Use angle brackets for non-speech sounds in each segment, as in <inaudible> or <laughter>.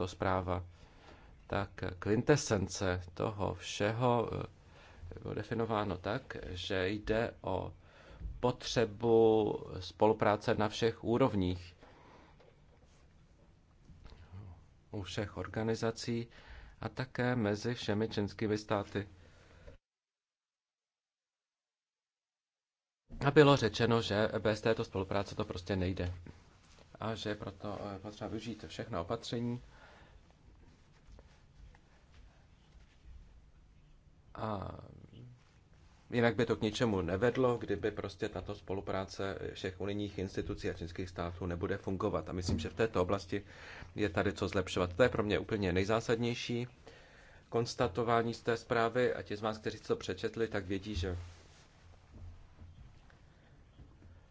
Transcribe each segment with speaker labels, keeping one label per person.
Speaker 1: to zpráva, tak kvintesence toho všeho eh, bylo definováno tak, že jde o potřebu spolupráce na všech úrovních u všech organizací a také mezi všemi členskými státy. A bylo řečeno, že bez této spolupráce to prostě nejde. A že proto eh, potřeba využít všechna opatření, A jinak by to k ničemu nevedlo, kdyby prostě tato spolupráce všech unijních institucí a čínských států nebude fungovat. A myslím, že v této oblasti je tady co zlepšovat. To je pro mě úplně nejzásadnější konstatování z té zprávy a ti z vás, kteří to přečetli, tak vědí, že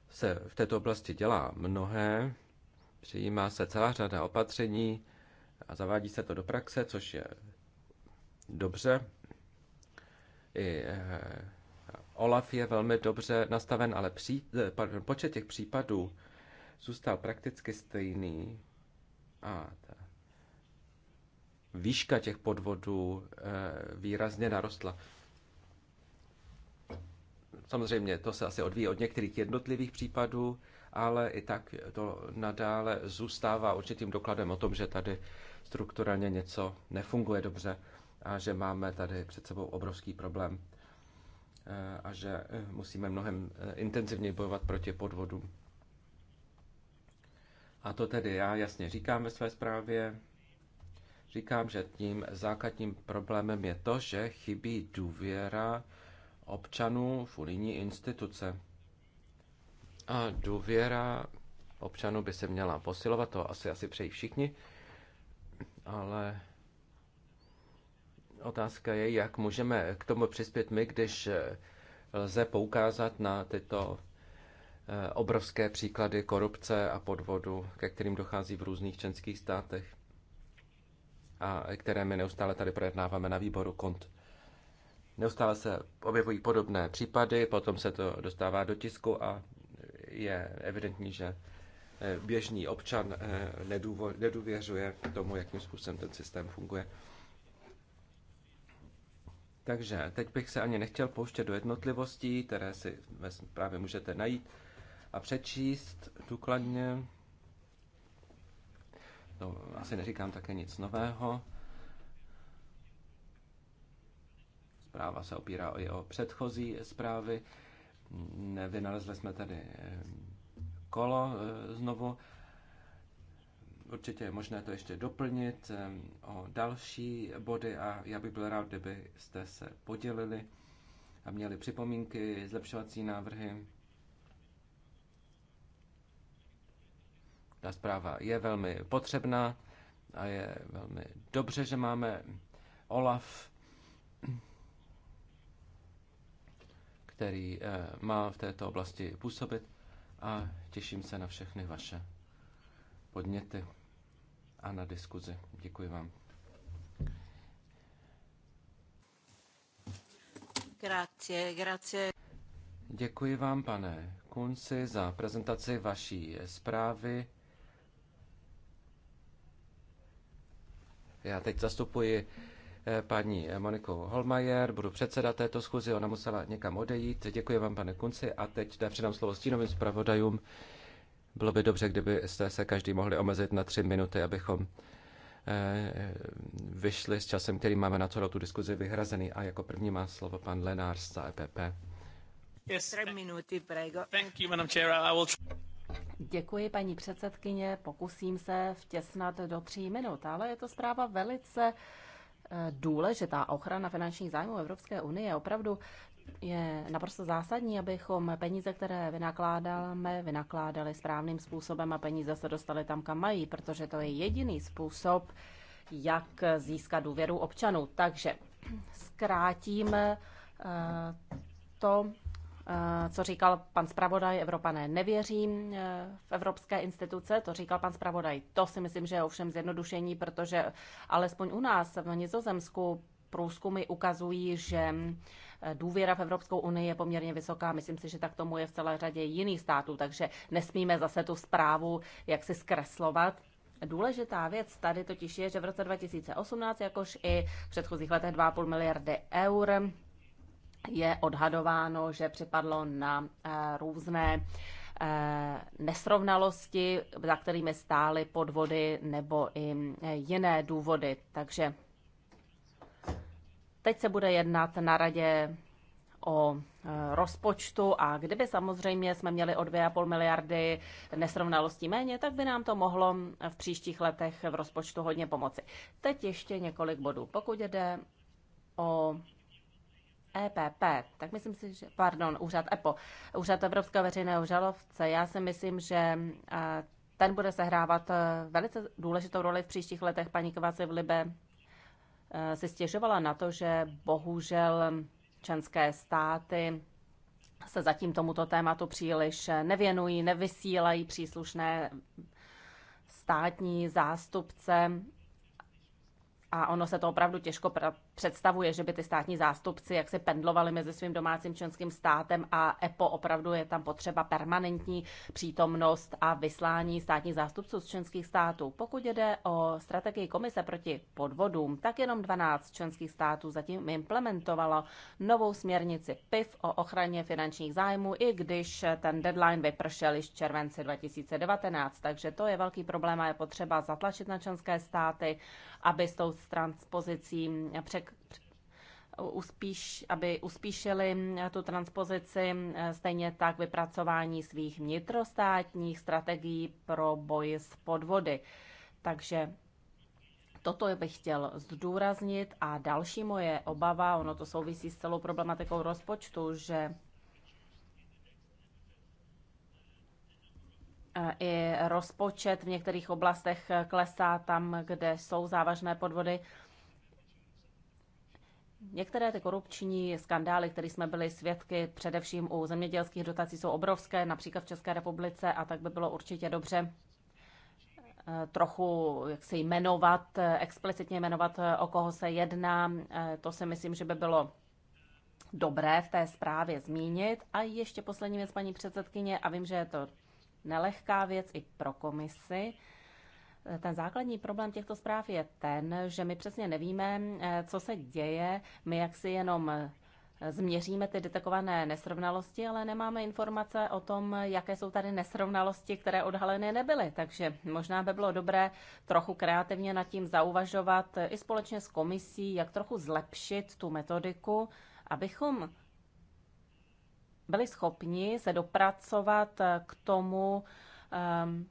Speaker 1: se v této oblasti dělá mnohé, přijímá se celá řada opatření a zavádí se to do praxe, což je dobře. I eh, OLAF je velmi dobře nastaven, ale pří, eh, pardon, počet těch případů zůstal prakticky stejný. A ta výška těch podvodů eh, výrazně narostla. Samozřejmě to se asi odvíjí od některých jednotlivých případů, ale i tak to nadále zůstává určitým dokladem o tom, že tady strukturálně něco nefunguje dobře a že máme tady před sebou obrovský problém eh, a že eh, musíme mnohem eh, intenzivněji bojovat proti podvodům. A to tedy já jasně říkám ve své zprávě. Říkám, že tím základním problémem je to, že chybí důvěra občanů v unijní instituce. A důvěra občanů by se měla posilovat, to asi, asi přejí všichni, ale Otázka je, jak můžeme k tomu přispět my, když eh, lze poukázat na tyto eh, obrovské příklady korupce a podvodu, ke kterým dochází v různých členských státech a které my neustále tady projednáváme na výboru kont. Neustále se objevují podobné případy, potom se to dostává do tisku a je evidentní, že eh, běžný občan nedůvěřuje tomu, jakým způsobem ten systém funguje. Takže teď bych se ani nechtěl pouštět do jednotlivostí, které si právě můžete najít a přečíst důkladně. To no, asi neříkám také nic nového. Zpráva se opírá i o předchozí zprávy. Nevynalezli jsme tady eh, kolo eh, znovu. Určitě je možné to ještě doplnit o další body a já bych byl rád, kdybyste se podělili a měli připomínky, zlepšovací návrhy. Ta zpráva je velmi potřebná a je velmi dobře, že máme OLAF, který eh, má v této oblasti působit a těším se na všechny vaše podněty a na diskuzi. Děkuji vám.
Speaker 2: Grazie, grazie.
Speaker 1: Děkuji vám, pane Kunci, za prezentaci vaší zprávy. Já teď zastupuji eh, paní Moniku Holmajer, budu předseda této schůzi, ona musela někam odejít. Děkuji vám, pane Kunci, a teď předám slovo stínovým zpravodajům. Bylo by dobře, jste se každý mohli omezit na tři minuty, abychom eh, vyšli s časem, který máme na celou tu diskuzi vyhrazený. A jako první má slovo pan Lenář z EPP.
Speaker 2: Yes. Minuty,
Speaker 1: Thank you, Madam Chair. I will...
Speaker 3: Děkuji, paní předsedkyně. Pokusím se vtěsnat do tří minut, ale je to zpráva velice eh, důležitá. Ochrana finančních zájmů Evropské unie je opravdu je naprosto zásadní, abychom peníze, které vynakládáme, vynakládali správným způsobem a peníze se dostaly tam, kam mají, protože to je jediný způsob, jak získat důvěru občanů. Takže zkrátím eh, to, eh, co říkal pan zpravodaj, Evropané nevěří eh, v evropské instituce, to říkal pan zpravodaj. To si myslím, že je ovšem zjednodušení, protože alespoň u nás v Nizozemsku průzkumy ukazují, že mm, důvěra v Evropskou unii je poměrně vysoká. Myslím si, že tak tomu je v celé řadě jiných států, takže nesmíme zase tu zprávu si zkreslovat. Důležitá věc tady totiž je, že v roce 2018, jakož i v předchozích letech 2,5 miliardy eur je odhadováno, že připadlo na eh, různé eh, nesrovnalosti, za kterými stály podvody nebo i eh, jiné důvody. Takže Teď se bude jednat na radě o e, rozpočtu a kdyby samozřejmě jsme měli o 2,5 miliardy nesrovnalostí méně, tak by nám to mohlo v příštích letech v rozpočtu hodně pomoci. Teď ještě několik bodů. Pokud jde o EPP, tak myslím si, že, pardon, úřad EPO, úřad Evropského veřejného žalovce, já si myslím, že e, ten bude sehrávat e, velice důležitou roli v příštích letech. Paní Kovaci v Libe Eh, si stěžovala na to, že bohužel členské státy se zatím tomuto tématu příliš nevěnují, nevysílají příslušné státní zástupce a ono se to opravdu těžko představuje, že by ty státní zástupci jak se pendlovali mezi svým domácím členským státem a EPO. Opravdu je tam potřeba permanentní přítomnost a vyslání státních zástupců z členských států. Pokud jde o strategii komise proti podvodům, tak jenom 12 členských států zatím implementovalo novou směrnici PIF o ochraně finančních zájmů, i když ten deadline vypršel již v červenci 2019. Takže to je velký problém a je potřeba zatlačit na členské státy, aby s tou transpozicí překvapili uspíš, aby uspíšili tu transpozici, eh, stejně tak vypracování svých vnitrostátních strategií pro boj s podvody. Takže Toto bych chtěl zdůraznit a další moje obava, ono to souvisí s celou problematikou rozpočtu, že eh, i rozpočet v některých oblastech klesá tam, kde jsou závažné podvody. Některé ty korupční skandály, které jsme byli svědky, především u zemědělských dotací, jsou obrovské, například v České republice, a tak by bylo určitě dobře eh, trochu jak se jmenovat, eh, explicitně jmenovat, eh, o koho se jedná. To si myslím, že by bylo dobré v té zprávě zmínit. A ještě poslední věc, paní předsedkyně, a vím, že je to nelehká věc i pro komisi. Ten základní problém těchto zpráv je ten, že my přesně nevíme, eh, co se děje. My jak si jenom eh, změříme ty detekované nesrovnalosti, ale nemáme informace o tom, jaké jsou tady nesrovnalosti, které odhaleny nebyly. Takže možná by bylo dobré trochu kreativně nad tím zauvažovat eh, i společně s komisí, jak trochu zlepšit tu metodiku, abychom byli schopni se dopracovat k tomu, ehm,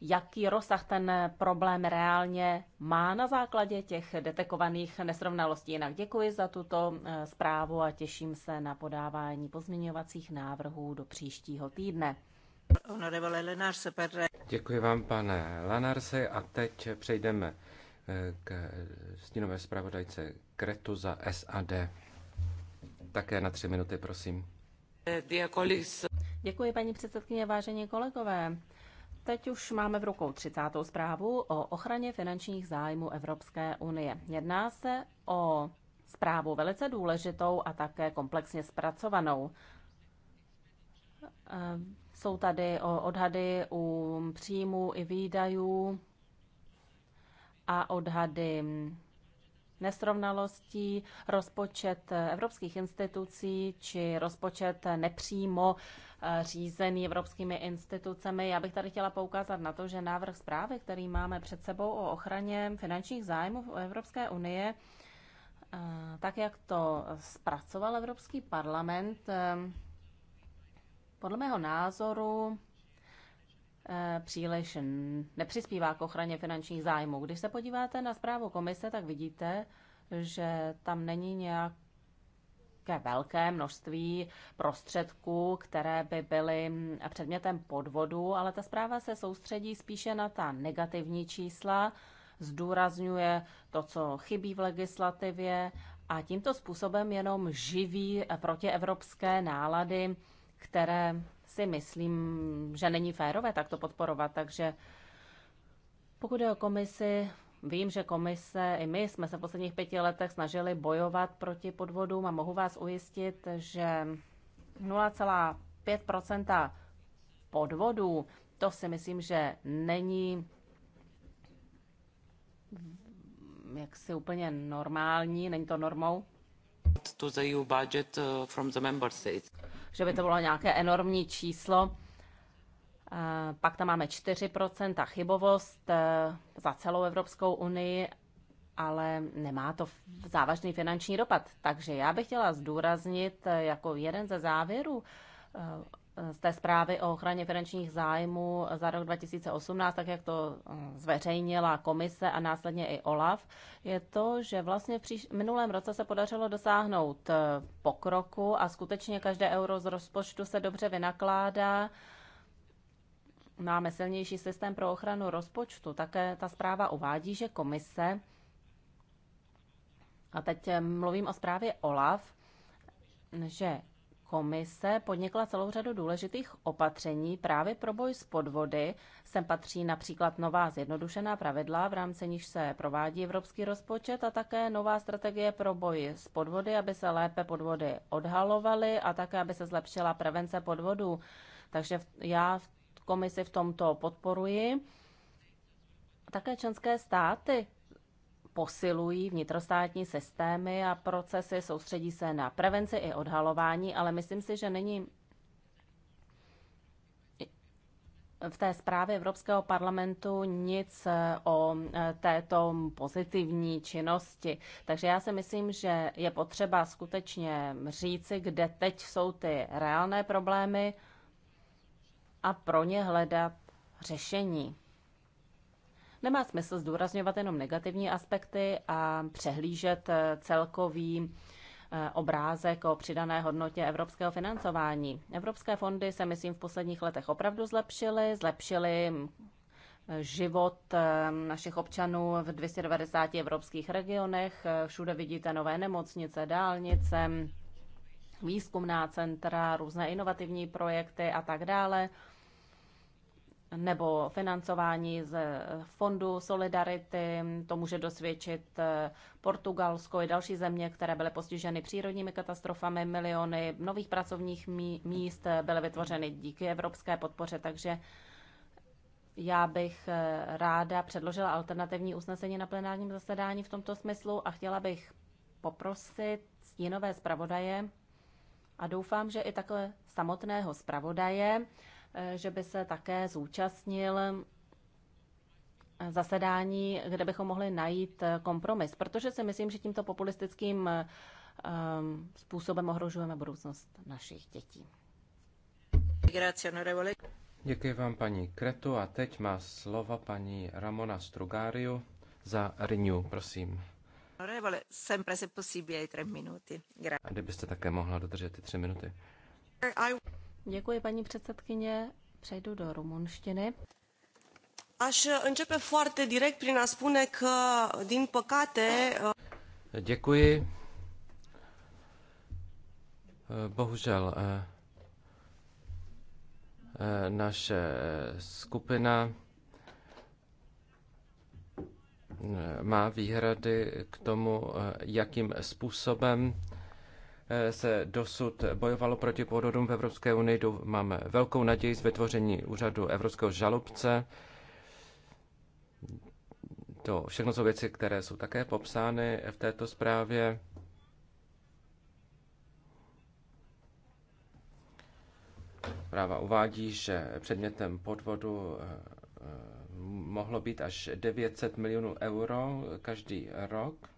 Speaker 3: jaký rozsah ten problém reálně má na základě těch detekovaných nesrovnalostí. Jinak děkuji za tuto eh, zprávu a těším se na podávání pozměňovacích návrhů do příštího týdne.
Speaker 1: Děkuji vám, pane Lanarse, a teď přejdeme eh, k stínové zpravodajce Kretu za SAD. Také na tři minuty, prosím. Eh,
Speaker 3: děkuji, paní předsedkyně, vážení kolegové teď už máme v rukou 30. zprávu o ochraně finančních zájmů Evropské unie. Jedná se o zprávu velice důležitou a také komplexně zpracovanou. Eh, jsou tady odhady u příjmů i výdajů a odhady nesrovnalostí rozpočet evropských institucí či rozpočet nepřímo eh, řízený evropskými institucemi. Já bych tady chtěla poukázat na to, že návrh zprávy, který máme před sebou o ochraně finančních zájmů Evropské unie, eh, tak jak to zpracoval Evropský parlament, eh, podle mého názoru Eh, příliš nepřispívá k ochraně finančních zájmů. Když se podíváte na zprávu komise, tak vidíte, že tam není nějak nějaké velké množství prostředků, které by byly předmětem podvodu, ale ta zpráva se soustředí spíše na ta negativní čísla, zdůrazňuje to, co chybí v legislativě a tímto způsobem jenom živí eh, protievropské nálady, které si myslím, že není férové takto podporovat. Takže pokud je o komisi, vím, že komise i my jsme se v posledních pěti letech snažili bojovat proti podvodům a mohu vás ujistit, že 0,5 podvodů, to si myslím, že není jaksi úplně normální, není to normou.
Speaker 1: To the EU budget uh, from the member states
Speaker 3: že by to bylo nějaké enormní číslo. Eh, pak tam máme 4% chybovost eh, za celou Evropskou unii, ale nemá to závažný finanční dopad. Takže já bych chtěla zdůraznit eh, jako jeden ze závěrů z té zprávy o ochraně finančních zájmů za rok 2018, tak jak to mm, zveřejnila komise a následně i OLAF, je to, že vlastně v příš- minulém roce se podařilo dosáhnout e, pokroku a skutečně každé euro z rozpočtu se dobře vynakládá. Máme silnější systém pro ochranu rozpočtu. Také ta zpráva uvádí, že komise, a teď e, mluvím o zprávě OLAF, že komise podnikla celou řadu důležitých opatření právě pro boj s podvody. Sem patří například nová zjednodušená pravidla, v rámci níž se provádí evropský rozpočet a také nová strategie pro boj s podvody, aby se lépe podvody odhalovaly a také, aby se zlepšila prevence podvodů. Takže já v komisi v tomto podporuji. Také členské státy posilují vnitrostátní systémy a procesy, soustředí se na prevenci i odhalování, ale myslím si, že není v té zprávě Evropského parlamentu nic eh, o eh, této pozitivní činnosti. Takže já si myslím, že je potřeba skutečně říci, kde teď jsou ty reálné problémy a pro ně hledat řešení. Nemá smysl zdůrazňovat jenom negativní aspekty a přehlížet eh, celkový eh, obrázek o přidané hodnotě evropského financování. Evropské fondy se, myslím, v posledních letech opravdu zlepšily, zlepšily hm, život hm, našich občanů v 290 evropských regionech. Všude vidíte nové nemocnice, dálnice, hm, výzkumná centra, různé inovativní projekty a tak dále nebo financování z fondu Solidarity. To může dosvědčit eh, Portugalsko i další země, které byly postiženy přírodními katastrofami. Miliony nových pracovních míst eh, byly vytvořeny díky evropské podpoře, takže já bych eh, ráda předložila alternativní usnesení na plenárním zasedání v tomto smyslu a chtěla bych poprosit stínové zpravodaje a doufám, že i takhle samotného zpravodaje, Eh, že by se také zúčastnil zasedání, kde bychom mohli najít eh, kompromis, protože si myslím, že tímto populistickým eh, způsobem ohrožujeme budoucnost našich dětí.
Speaker 1: Děkuji vám, paní Kretu. A teď má slovo paní Ramona Strugáriu za Renew, prosím. A kdybyste také mohla dodržet ty tři minuty.
Speaker 3: Děkuji, paní předsedkyně. Přejdu do rumunštiny.
Speaker 4: Až începe foarte direct prin a spune că, din păcate...
Speaker 1: Děkuji. Bohužel, eh, eh, naše skupina eh, má výhrady k tomu, jakým způsobem Eh, se dosud bojovalo proti podvodům v Evropské unii. Máme velkou naději z vytvoření úřadu Evropského žalobce. To všechno jsou věci, které jsou také popsány v této zprávě. Práva uvádí, že předmětem podvodu eh, eh, mohlo být až 900 milionů euro každý rok.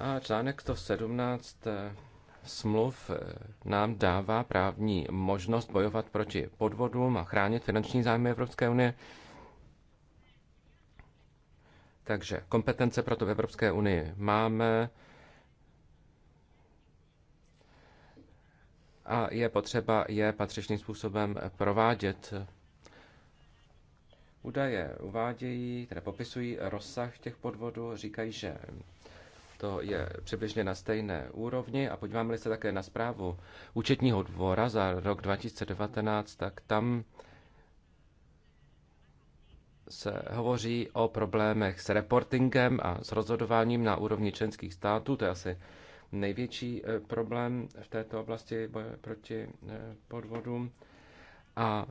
Speaker 1: A článek 117 eh, smluv eh, nám dává právní možnost bojovat proti podvodům a chránit finanční zájmy Evropské unie. Takže kompetence proto v Evropské unii máme a je potřeba je patřičným způsobem provádět. Údaje uvádějí, které popisují rozsah těch podvodů, říkají, že to je přibližně na stejné úrovni. A podíváme-li se také na zprávu účetního dvora za rok 2019, tak tam se hovoří o problémech s reportingem a s rozhodováním na úrovni členských států. To je asi největší eh, problém v této oblasti boje proti eh, podvodům. A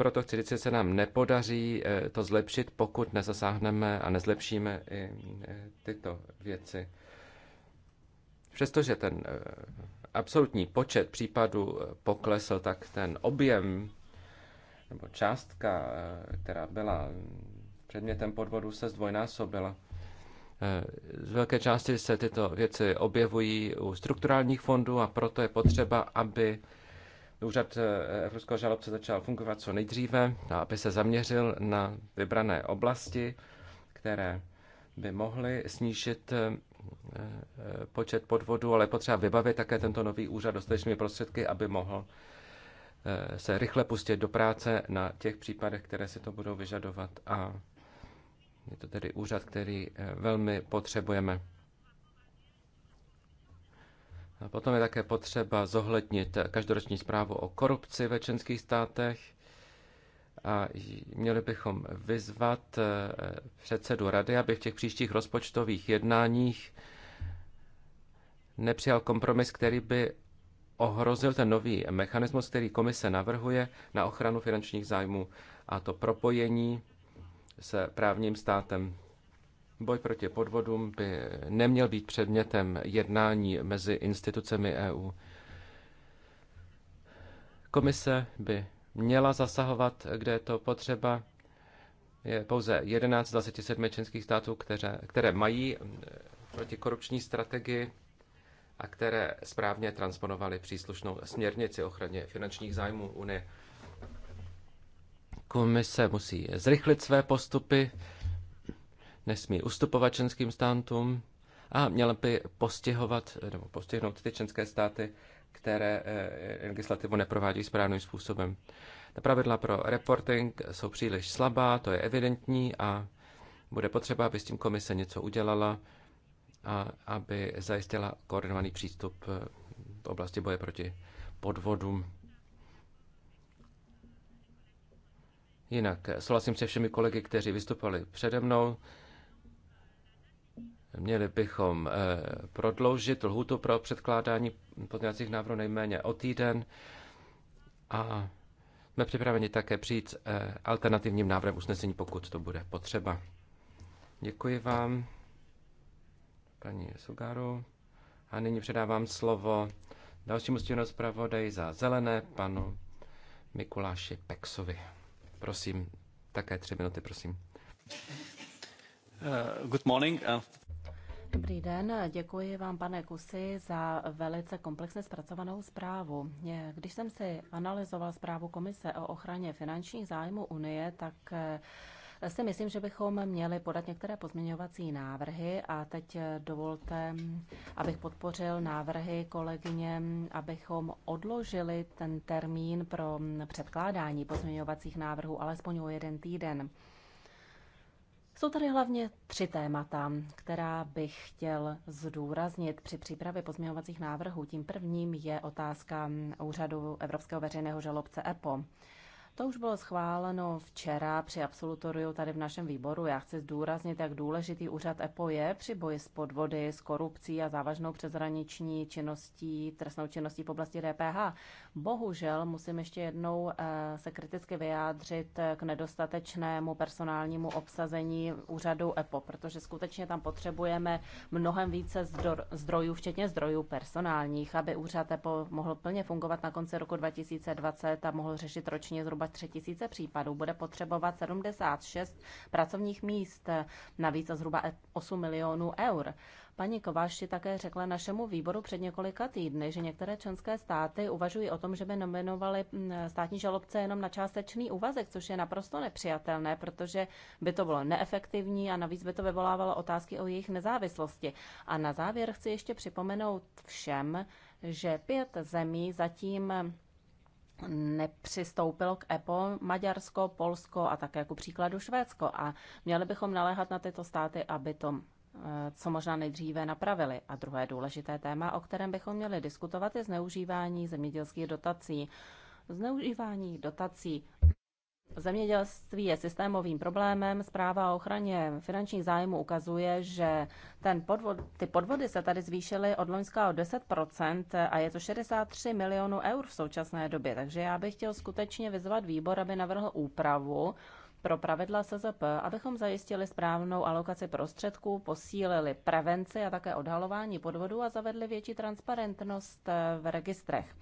Speaker 1: proto chci říct, že se nám nepodaří eh, to zlepšit, pokud nezasáhneme a nezlepšíme i eh, tyto věci. Přestože ten eh, absolutní počet případů poklesl, tak ten objem nebo částka, která byla předmětem podvodu, se zdvojnásobila. Z velké části se tyto věci objevují u strukturálních fondů a proto je potřeba, aby Úřad eh, Evropského žalobce začal fungovat co nejdříve, aby se zaměřil na vybrané oblasti, které by mohly snížit eh, eh, počet podvodů, ale potřeba vybavit také tento nový úřad dostatečnými prostředky, aby mohl se rychle pustit do práce na těch případech, které si to budou vyžadovat. A je to tedy úřad, který velmi potřebujeme. A potom je také potřeba zohlednit každoroční zprávu o korupci ve členských státech a měli bychom vyzvat eh, předsedu rady, aby v těch příštích rozpočtových jednáních nepřijal kompromis, který by ohrozil ten nový mechanismus, který komise navrhuje na ochranu finančních zájmů a to propojení se právním státem. Boj proti podvodům by neměl být předmětem jednání mezi institucemi EU. Komise by měla zasahovat, kde je to potřeba. Je pouze 11 z 27 členských států, které, které mají eh, protikorupční strategii a které správně transponovaly příslušnou směrnici ochraně finančních zájmů Unie. Komise musí zrychlit své postupy nesmí ustupovat členským státům a měl by postihovat nebo postihnout ty členské státy, které eh, legislativu neprovádí správným způsobem. Ta pravidla pro reporting jsou příliš slabá, to je evidentní a bude potřeba, aby s tím komise něco udělala a aby zajistila koordinovaný přístup eh, v oblasti boje proti podvodům. Jinak eh, souhlasím se všemi kolegy, kteří vystupovali přede mnou. Měli bychom eh, prodloužit lhůtu pro předkládání pozměňovacích návrhů nejméně o týden a jsme připraveni také přijít eh, alternativním návrhem usnesení, pokud to bude potřeba. Děkuji vám, paní Sugaru. A nyní předávám slovo dalšímu stěnou zpravodaji za zelené, panu Mikuláši Peksovi. Prosím, také tři minuty, prosím. Uh, good morning. Uh,
Speaker 3: Dobrý den, děkuji vám, pane Kusy, za velice komplexně zpracovanou zprávu. Když jsem si analyzoval zprávu Komise o ochraně finančních zájmů Unie, tak eh, si myslím, že bychom měli podat některé pozměňovací návrhy a teď eh, dovolte, abych podpořil návrhy kolegyně, abychom odložili ten termín pro předkládání pozměňovacích návrhů alespoň o jeden týden. Jsou tady hlavně tři témata, která bych chtěl zdůraznit při přípravě pozměňovacích návrhů. Tím prvním je otázka úřadu Evropského veřejného žalobce EPO. To už bylo schváleno včera při absolutoriu tady v našem výboru. Já chci zdůraznit, jak důležitý úřad EPO je při boji s podvody, s korupcí a závažnou přezraniční činností, trestnou činností v oblasti DPH. Bohužel musím ještě jednou eh, se kriticky vyjádřit eh, k nedostatečnému personálnímu obsazení úřadu EPO, protože skutečně tam potřebujeme mnohem více zdrojů, včetně zdrojů personálních, aby úřad EPO mohl plně fungovat na konci roku 2020 a mohl řešit ročně zhruba 3000 případů. Bude potřebovat 76 pracovních míst, eh, navíc zhruba 8 milionů eur. Paní Kováši také řekla našemu výboru před několika týdny, že některé členské státy uvažují o tom, že by nominovali mm, státní žalobce jenom na částečný úvazek, což je naprosto nepřijatelné, protože by to bylo neefektivní a navíc by to vyvolávalo otázky o jejich nezávislosti. A na závěr chci ještě připomenout všem, že pět zemí zatím nepřistoupilo k EPO Maďarsko, Polsko a také ku příkladu Švédsko. A měli bychom naléhat na tyto státy, aby to Eh, co možná nejdříve napravili. A druhé důležité téma, o kterém bychom měli diskutovat, je zneužívání zemědělských dotací. Zneužívání dotací Zemědělství je systémovým problémem. Zpráva o ochraně finančních zájmů ukazuje, že ten podvod, ty podvody se tady zvýšily od loňska o 10% a je to 63 milionů eur v současné době. Takže já bych chtěl skutečně vyzvat výbor, aby navrhl úpravu, pro pravidla SZP, abychom zajistili správnou alokaci prostředků, posílili prevenci a také odhalování podvodů a zavedli větší transparentnost eh, v registrech.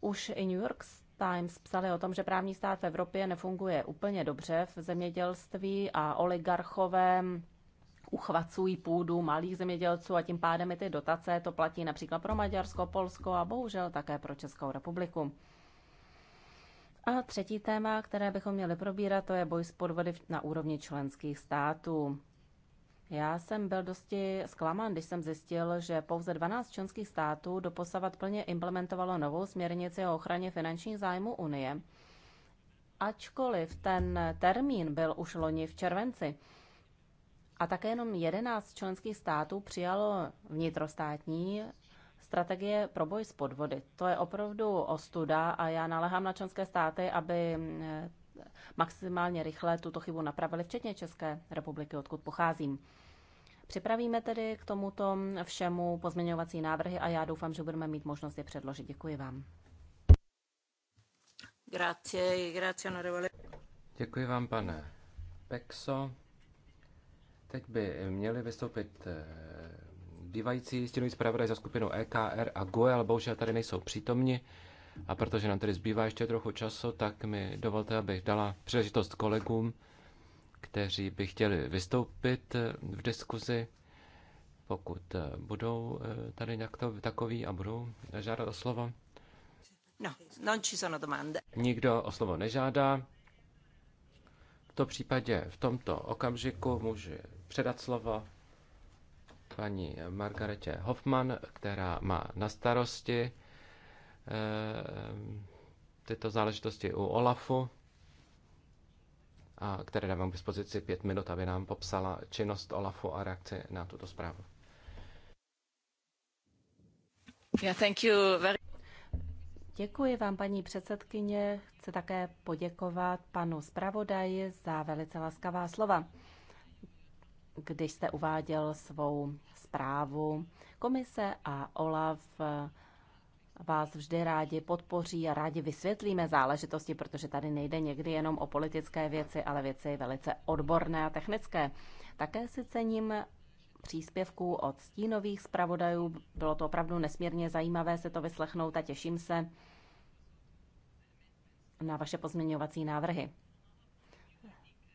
Speaker 3: Už i New York Times psali o tom, že právní stát v Evropě nefunguje úplně dobře v zemědělství a oligarchové uchvacují půdu malých zemědělců a tím pádem i ty dotace. To platí například pro Maďarsko, Polsko a bohužel také pro Českou republiku. A třetí téma, které bychom měli probírat, to je boj s podvody na úrovni členských států. Já jsem byl dosti zklamán, když jsem zjistil, že pouze 12 členských států doposavat plně implementovalo novou směrnici o ochraně finančních zájmů Unie. Ačkoliv ten termín byl už loni v červenci. A také jenom 11 členských států přijalo vnitrostátní strategie pro boj s podvody. To je opravdu ostuda a já naléhám na členské státy, aby eh, maximálně rychle tuto chybu napravili, včetně České republiky, odkud pocházím. Připravíme tedy k tomuto všemu pozměňovací návrhy a já doufám, že budeme mít možnost je předložit. Děkuji vám.
Speaker 2: Grazie, grazie onorevole.
Speaker 1: Děkuji vám, pane Pexo. Teď by měli vystoupit eh, zbývající stínoví zpravodaj za skupinu EKR a Goel, ale bohužel tady nejsou přítomni. A protože nám tady zbývá ještě trochu času, tak mi dovolte, abych dala příležitost kolegům, kteří by chtěli vystoupit eh, v diskuzi, pokud eh, budou eh, tady to, takový a budou žádat o slovo.
Speaker 2: No, non ci sono domande.
Speaker 1: Nikdo o slovo nežádá. V tom případě v tomto okamžiku může předat slovo paní Margaretě Hoffman, která má na starosti eh, tyto záležitosti u OLAFu, a které dávám k dispozici pět minut, aby nám popsala činnost OLAFu a reakci na tuto zprávu.
Speaker 3: Yeah, thank you very... Děkuji vám, paní předsedkyně. Chci také poděkovat panu zpravodaji za velice laskavá slova když jste uváděl svou zprávu. Komise a OLAF vás vždy rádi podpoří a rádi vysvětlíme záležitosti, protože tady nejde někdy jenom o politické věci, ale věci velice odborné a technické. Také si cením příspěvků od stínových zpravodajů. Bylo to opravdu nesmírně zajímavé se to vyslechnout a těším se na vaše pozměňovací návrhy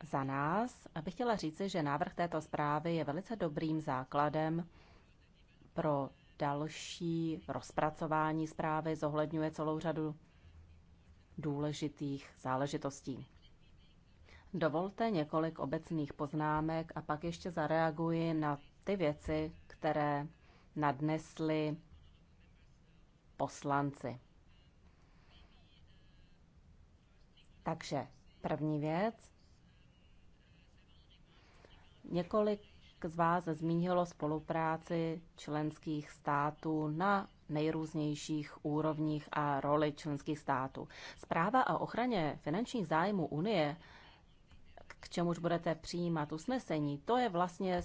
Speaker 3: za nás bych chtěla říci, že návrh této zprávy je velice dobrým základem pro další rozpracování zprávy, zohledňuje celou řadu důležitých záležitostí. Dovolte několik obecných poznámek a pak ještě zareaguji na ty věci, které nadnesli poslanci. Takže první věc. Několik z vás zmínilo spolupráci členských států na nejrůznějších úrovních a roli členských států. Zpráva a ochraně finančních zájmů Unie, k čemuž budete přijímat usnesení, to je vlastně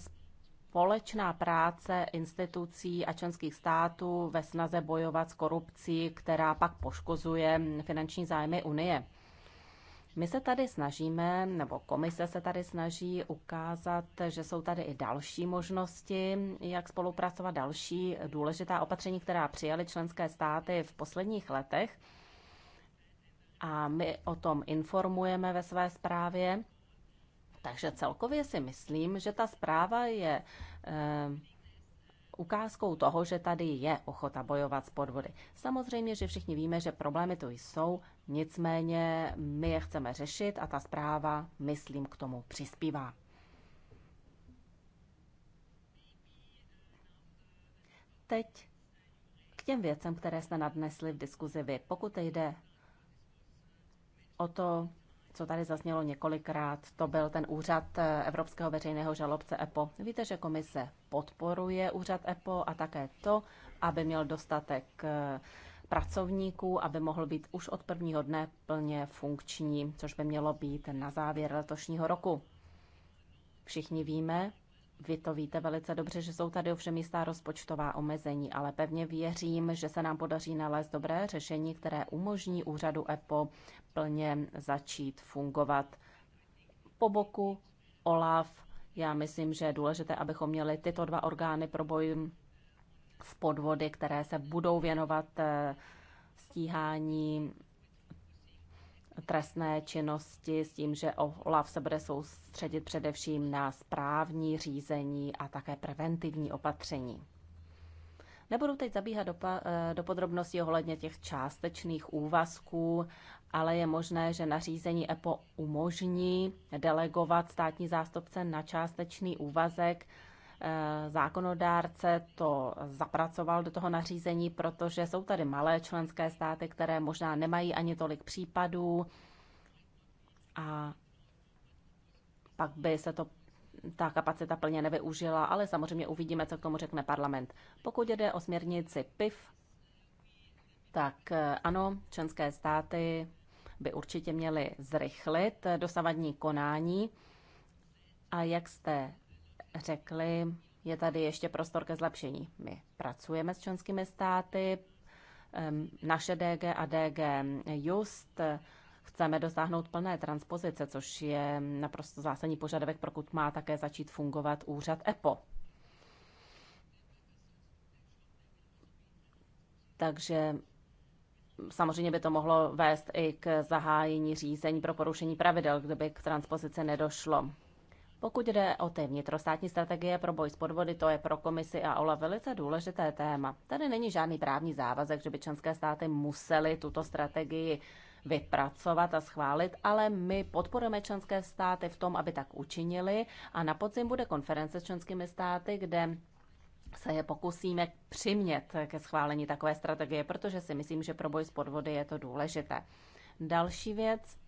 Speaker 3: společná práce institucí a členských států ve snaze bojovat s korupcí, která pak poškozuje finanční zájmy Unie. My se tady snažíme, nebo komise se tady snaží ukázat, že jsou tady i další možnosti, jak spolupracovat, další důležitá opatření, která přijaly členské státy v posledních letech. A my o tom informujeme ve své zprávě. Takže celkově si myslím, že ta zpráva je eh, ukázkou toho, že tady je ochota bojovat s podvody. Samozřejmě, že všichni víme, že problémy tu jsou, nicméně my je chceme řešit a ta zpráva, myslím, k tomu přispívá. Teď k těm věcem, které jste nadnesli v diskuzi vy. Pokud jde o to, co tady zaznělo několikrát, to byl ten úřad eh, Evropského veřejného žalobce EPO. Víte, že komise podporuje úřad EPO a také to, aby měl dostatek eh, pracovníků, aby mohl být už od prvního dne plně funkční, což by mělo být na závěr letošního roku. Všichni víme, vy to víte velice dobře, že jsou tady ovšem jistá rozpočtová omezení, ale pevně věřím, že se nám podaří nalézt dobré řešení, které umožní úřadu EPO plně začít fungovat po boku OLAF. Já myslím, že je důležité, abychom měli tyto dva orgány pro boj v podvody, které se budou věnovat eh, stíhání trestné činnosti s tím, že OLAF se bude soustředit především na správní řízení a také preventivní opatření. Nebudu teď zabíhat do, eh, do podrobností ohledně těch částečných úvazků, ale je možné, že nařízení EPO umožní delegovat státní zástupce na částečný úvazek Eh, zákonodárce to zapracoval do toho nařízení, protože jsou tady malé členské státy, které možná nemají ani tolik případů a pak by se to ta kapacita plně nevyužila, ale samozřejmě uvidíme, co k tomu řekne parlament. Pokud jde o směrnici PIV, tak eh, ano, členské státy by určitě měly zrychlit eh, dosavadní konání. A jak jste řekli, je tady ještě prostor ke zlepšení. My pracujeme s členskými státy, naše DG a DG Just chceme dosáhnout plné transpozice, což je naprosto zásadní požadavek, pokud má také začít fungovat úřad EPO. Takže samozřejmě by to mohlo vést i k zahájení řízení pro porušení pravidel, kdyby k transpozici nedošlo. Pokud jde o ty vnitrostátní strategie pro boj s podvody, to je pro komisi a OLA velice důležité téma. Tady není žádný právní závazek, že by členské státy musely tuto strategii vypracovat a schválit, ale my podporujeme členské státy v tom, aby tak učinili a na podzim bude konference s členskými státy, kde se je pokusíme přimět ke schválení takové strategie, protože si myslím, že pro boj s podvody je to důležité. Další věc,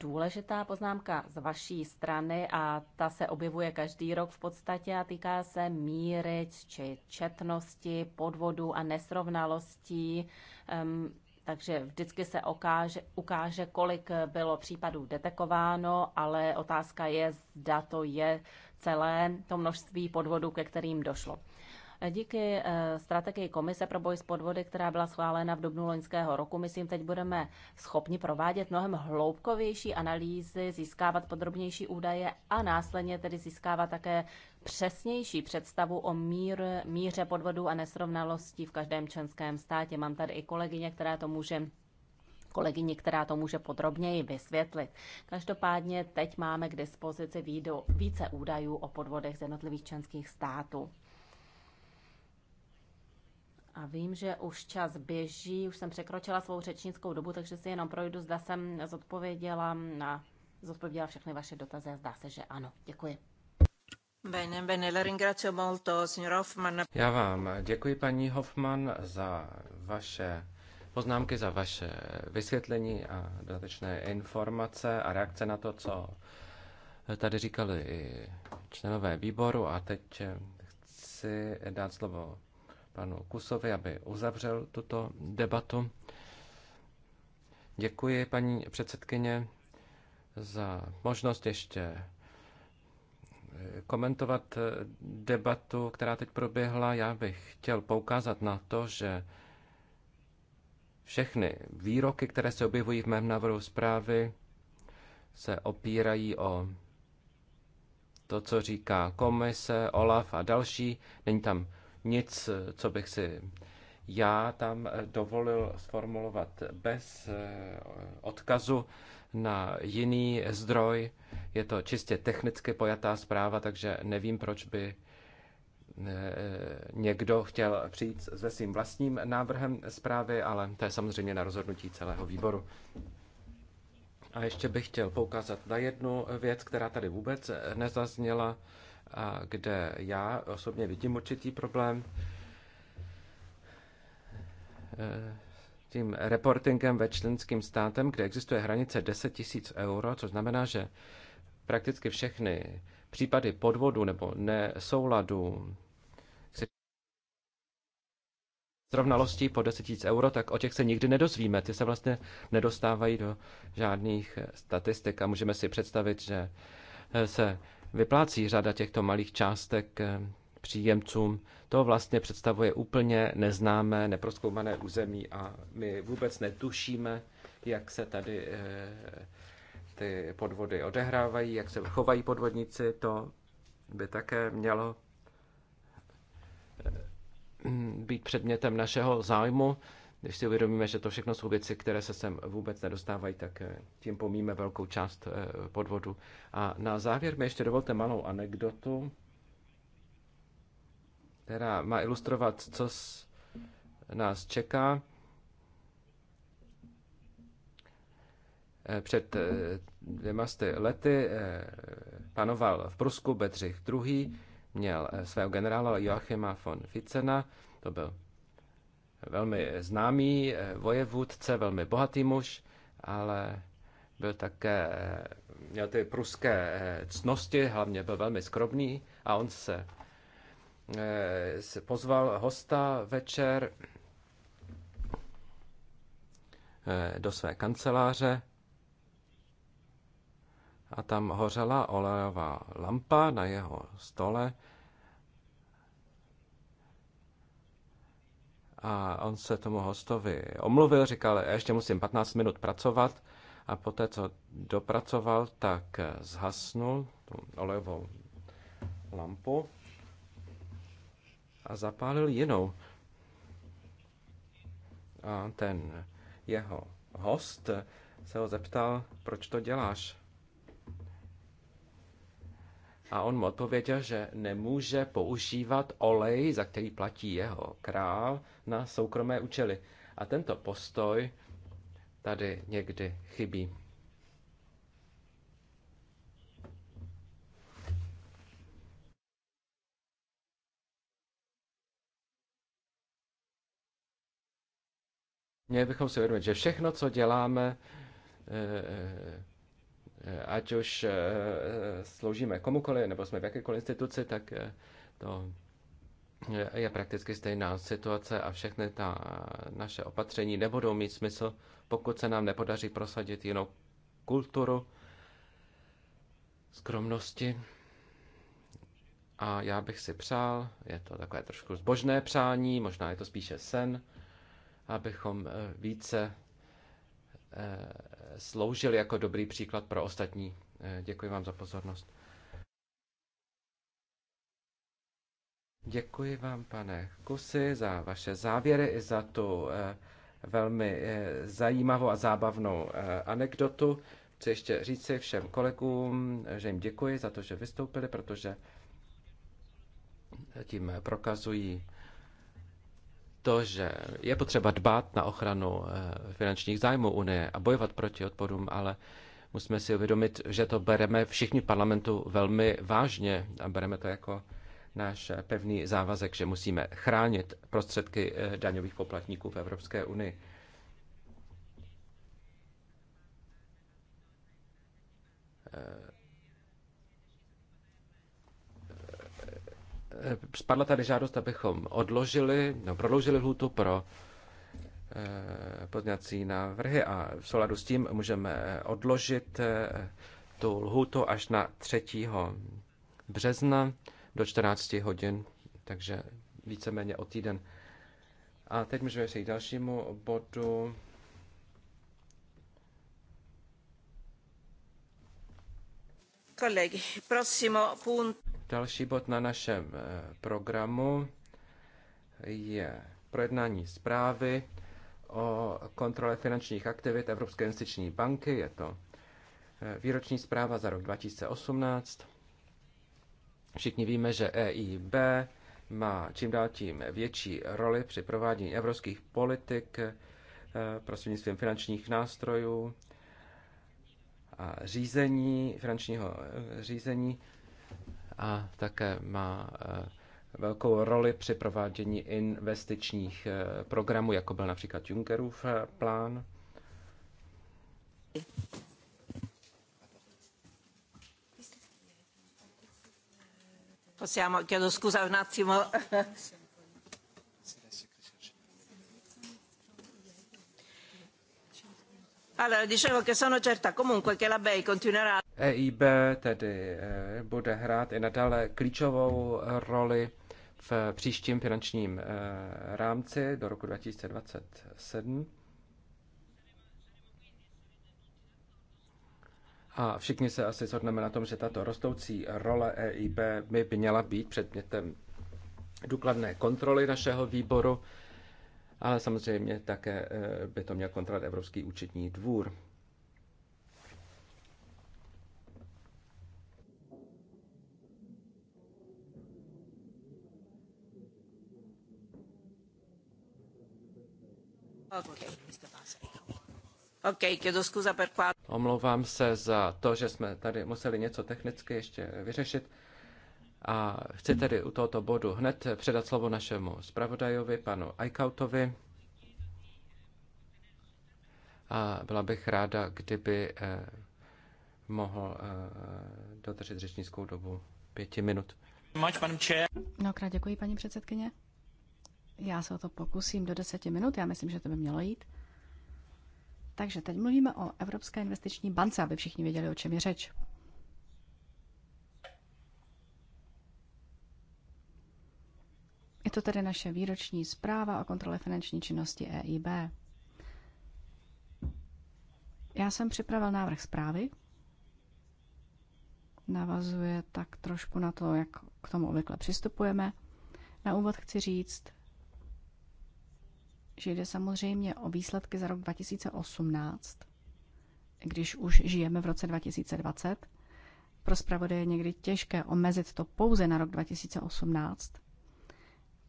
Speaker 3: důležitá poznámka z vaší strany a ta se objevuje každý rok v podstatě a týká se míry či četnosti, podvodu a nesrovnalostí. Um, takže vždycky se okáže, ukáže, kolik bylo případů detekováno, ale otázka je, zda to je celé to množství podvodů, ke kterým došlo. Díky eh, strategii Komise pro boj s podvody, která byla schválena v dubnu loňského roku, myslím, teď budeme schopni provádět mnohem hloubkovější analýzy, získávat podrobnější údaje a následně tedy získávat také přesnější představu o mír, míře podvodů a nesrovnalostí v každém členském státě. Mám tady i kolegyně, která to může kolegyně, která to může podrobněji vysvětlit. Každopádně teď máme k dispozici více údajů o podvodech z jednotlivých členských států. A vím, že už čas běží, už jsem překročila svou řečnickou dobu, takže si jenom projdu, zda jsem zodpověděla na zodpověděla všechny vaše dotazy a zdá se, že ano. Děkuji.
Speaker 2: Bene, bene, la ringrazio molto, signor Hoffman. Já
Speaker 1: vám děkuji, paní Hoffman, za vaše poznámky, za vaše vysvětlení a dodatečné informace a reakce na to, co tady říkali i členové výboru. A teď chci dát slovo panu Kusovi, aby uzavřel tuto debatu. Děkuji, paní předsedkyně, za možnost ještě eh, komentovat eh, debatu, která teď proběhla. Já bych chtěl poukázat na to, že všechny výroky, které se objevují v mém návrhu zprávy, se opírají o to, co říká komise, OLAF a další. Není tam nic, co bych si já tam eh, dovolil sformulovat bez eh, odkazu na jiný zdroj. Je to čistě technicky pojatá zpráva, takže nevím, proč by eh, někdo chtěl přijít se svým vlastním návrhem zprávy, ale to je samozřejmě na rozhodnutí celého výboru. A ještě bych chtěl poukázat na jednu věc, která tady vůbec nezazněla a kde já osobně vidím určitý problém e, tím reportingem ve členským státem, kde existuje hranice 10 000 euro, což znamená, že prakticky všechny případy podvodu nebo nesouladu srovnalostí po 10 000 euro, tak o těch se nikdy nedozvíme. Ty se vlastně nedostávají do žádných statistik a můžeme si představit, že se vyplácí řada těchto malých částek eh, příjemcům. To vlastně představuje úplně neznámé, neproskoumané území a my vůbec netušíme, jak se tady eh, ty podvody odehrávají, jak se chovají podvodníci. To by také mělo eh, být předmětem našeho zájmu. Když si uvědomíme, že to všechno jsou věci, které se sem vůbec nedostávají, tak eh, tím pomíme velkou část eh, podvodu. A na závěr mi ještě dovolte malou anekdotu, která má ilustrovat, co nás čeká. Eh, před dvěma lety panoval v Prusku Bedřich II., měl svého generála Joachima von Ficena, to byl velmi známý eh, vojevůdce, velmi bohatý muž, ale byl také, eh, měl ty pruské eh, cnosti, hlavně byl velmi skromný a on se, se pozval hosta večer do své kanceláře a tam hořela olejová lampa na jeho stole a on se tomu hostovi omluvil, říkal, ještě musím 15 minut pracovat a poté, co dopracoval, tak zhasnul tu olejovou lampu a zapálil jinou. A ten jeho host se ho zeptal, proč to děláš a on mu odpověděl, že nemůže používat olej, za který platí jeho král, na soukromé účely. A tento postoj tady někdy chybí. Měli bychom si uvědomit, že všechno, co děláme, eh, ať už eh, sloužíme komukoli nebo jsme v jakékoliv instituci, tak eh, to je prakticky stejná situace a všechny ta eh, naše opatření nebudou mít smysl, pokud se nám nepodaří prosadit jinou kulturu skromnosti. A já bych si přál, je to takové trošku zbožné přání, možná je to spíše sen, abychom více sloužil jako dobrý příklad pro ostatní. Děkuji vám za pozornost. Děkuji vám, pane Kusy, za vaše závěry i za tu eh, velmi eh, zajímavou a zábavnou eh, anekdotu. Chci ještě říci všem kolegům, že jim děkuji za to, že vystoupili, protože tím prokazují to, že je potřeba dbát na ochranu eh, finančních zájmů Unie a bojovat proti odporům, ale musíme si uvědomit, že to bereme všichni v parlamentu velmi vážně a bereme to jako náš eh, pevný závazek, že musíme chránit prostředky eh, daňových poplatníků v Evropské unii. Uh Eh, spadla tady žádost, abychom odložili, no, prodloužili lhůtu pro eh, podňací návrhy a v souladu s tím můžeme eh, odložit tu lhůtu až na 3. března do 14 hodin, takže víceméně o týden. A teď můžeme se k dalšímu bodu.
Speaker 2: Kolegi, prosimo, punt.
Speaker 1: Další bod na našem eh, programu je projednání zprávy o kontrole finančních aktivit Evropské investiční banky. Je to eh, výroční zpráva za rok 2018. Všichni víme, že EIB má čím dál tím větší roli při provádění evropských politik eh, prostřednictvím finančních nástrojů a řízení, finančního řízení a také má eh, velkou roli při provádění investičních eh, programů, jako byl například Junckerův eh, plán.
Speaker 2: Possiamo, chiedo scusa <laughs> un attimo. Allora, dicevo che sono certa comunque che la BEI continuerà.
Speaker 1: EIB tedy eh, bude hrát i nadále klíčovou roli v příštím finančním eh, rámci do roku 2027. A všichni se asi shodneme na tom, že tato rostoucí role EIB by měla být předmětem důkladné kontroly našeho výboru, ale samozřejmě také eh, by to měl kontrolovat Evropský účetní dvůr.
Speaker 2: Okay. Okay,
Speaker 1: Omlouvám se za to, že jsme tady museli něco technicky ještě vyřešit. A chci tedy u tohoto bodu hned předat slovo našemu zpravodajovi, panu Aikautovi. A byla bych ráda, kdyby eh, mohl eh, dodržet řečnickou dobu pěti minut.
Speaker 4: Mnohokrát děkuji, paní předsedkyně. Já se o to pokusím do deseti minut, já myslím, že to by mělo jít. Takže teď mluvíme o Evropské investiční bance, aby všichni věděli, o čem je řeč. Je to tedy naše výroční zpráva o kontrole finanční činnosti EIB. Já jsem připravil návrh zprávy. Navazuje tak trošku na to, jak k tomu obvykle přistupujeme. Na úvod chci říct, že jde samozřejmě o výsledky za rok 2018, když už žijeme v roce 2020. Pro zpravodaje je někdy těžké omezit to pouze na rok 2018,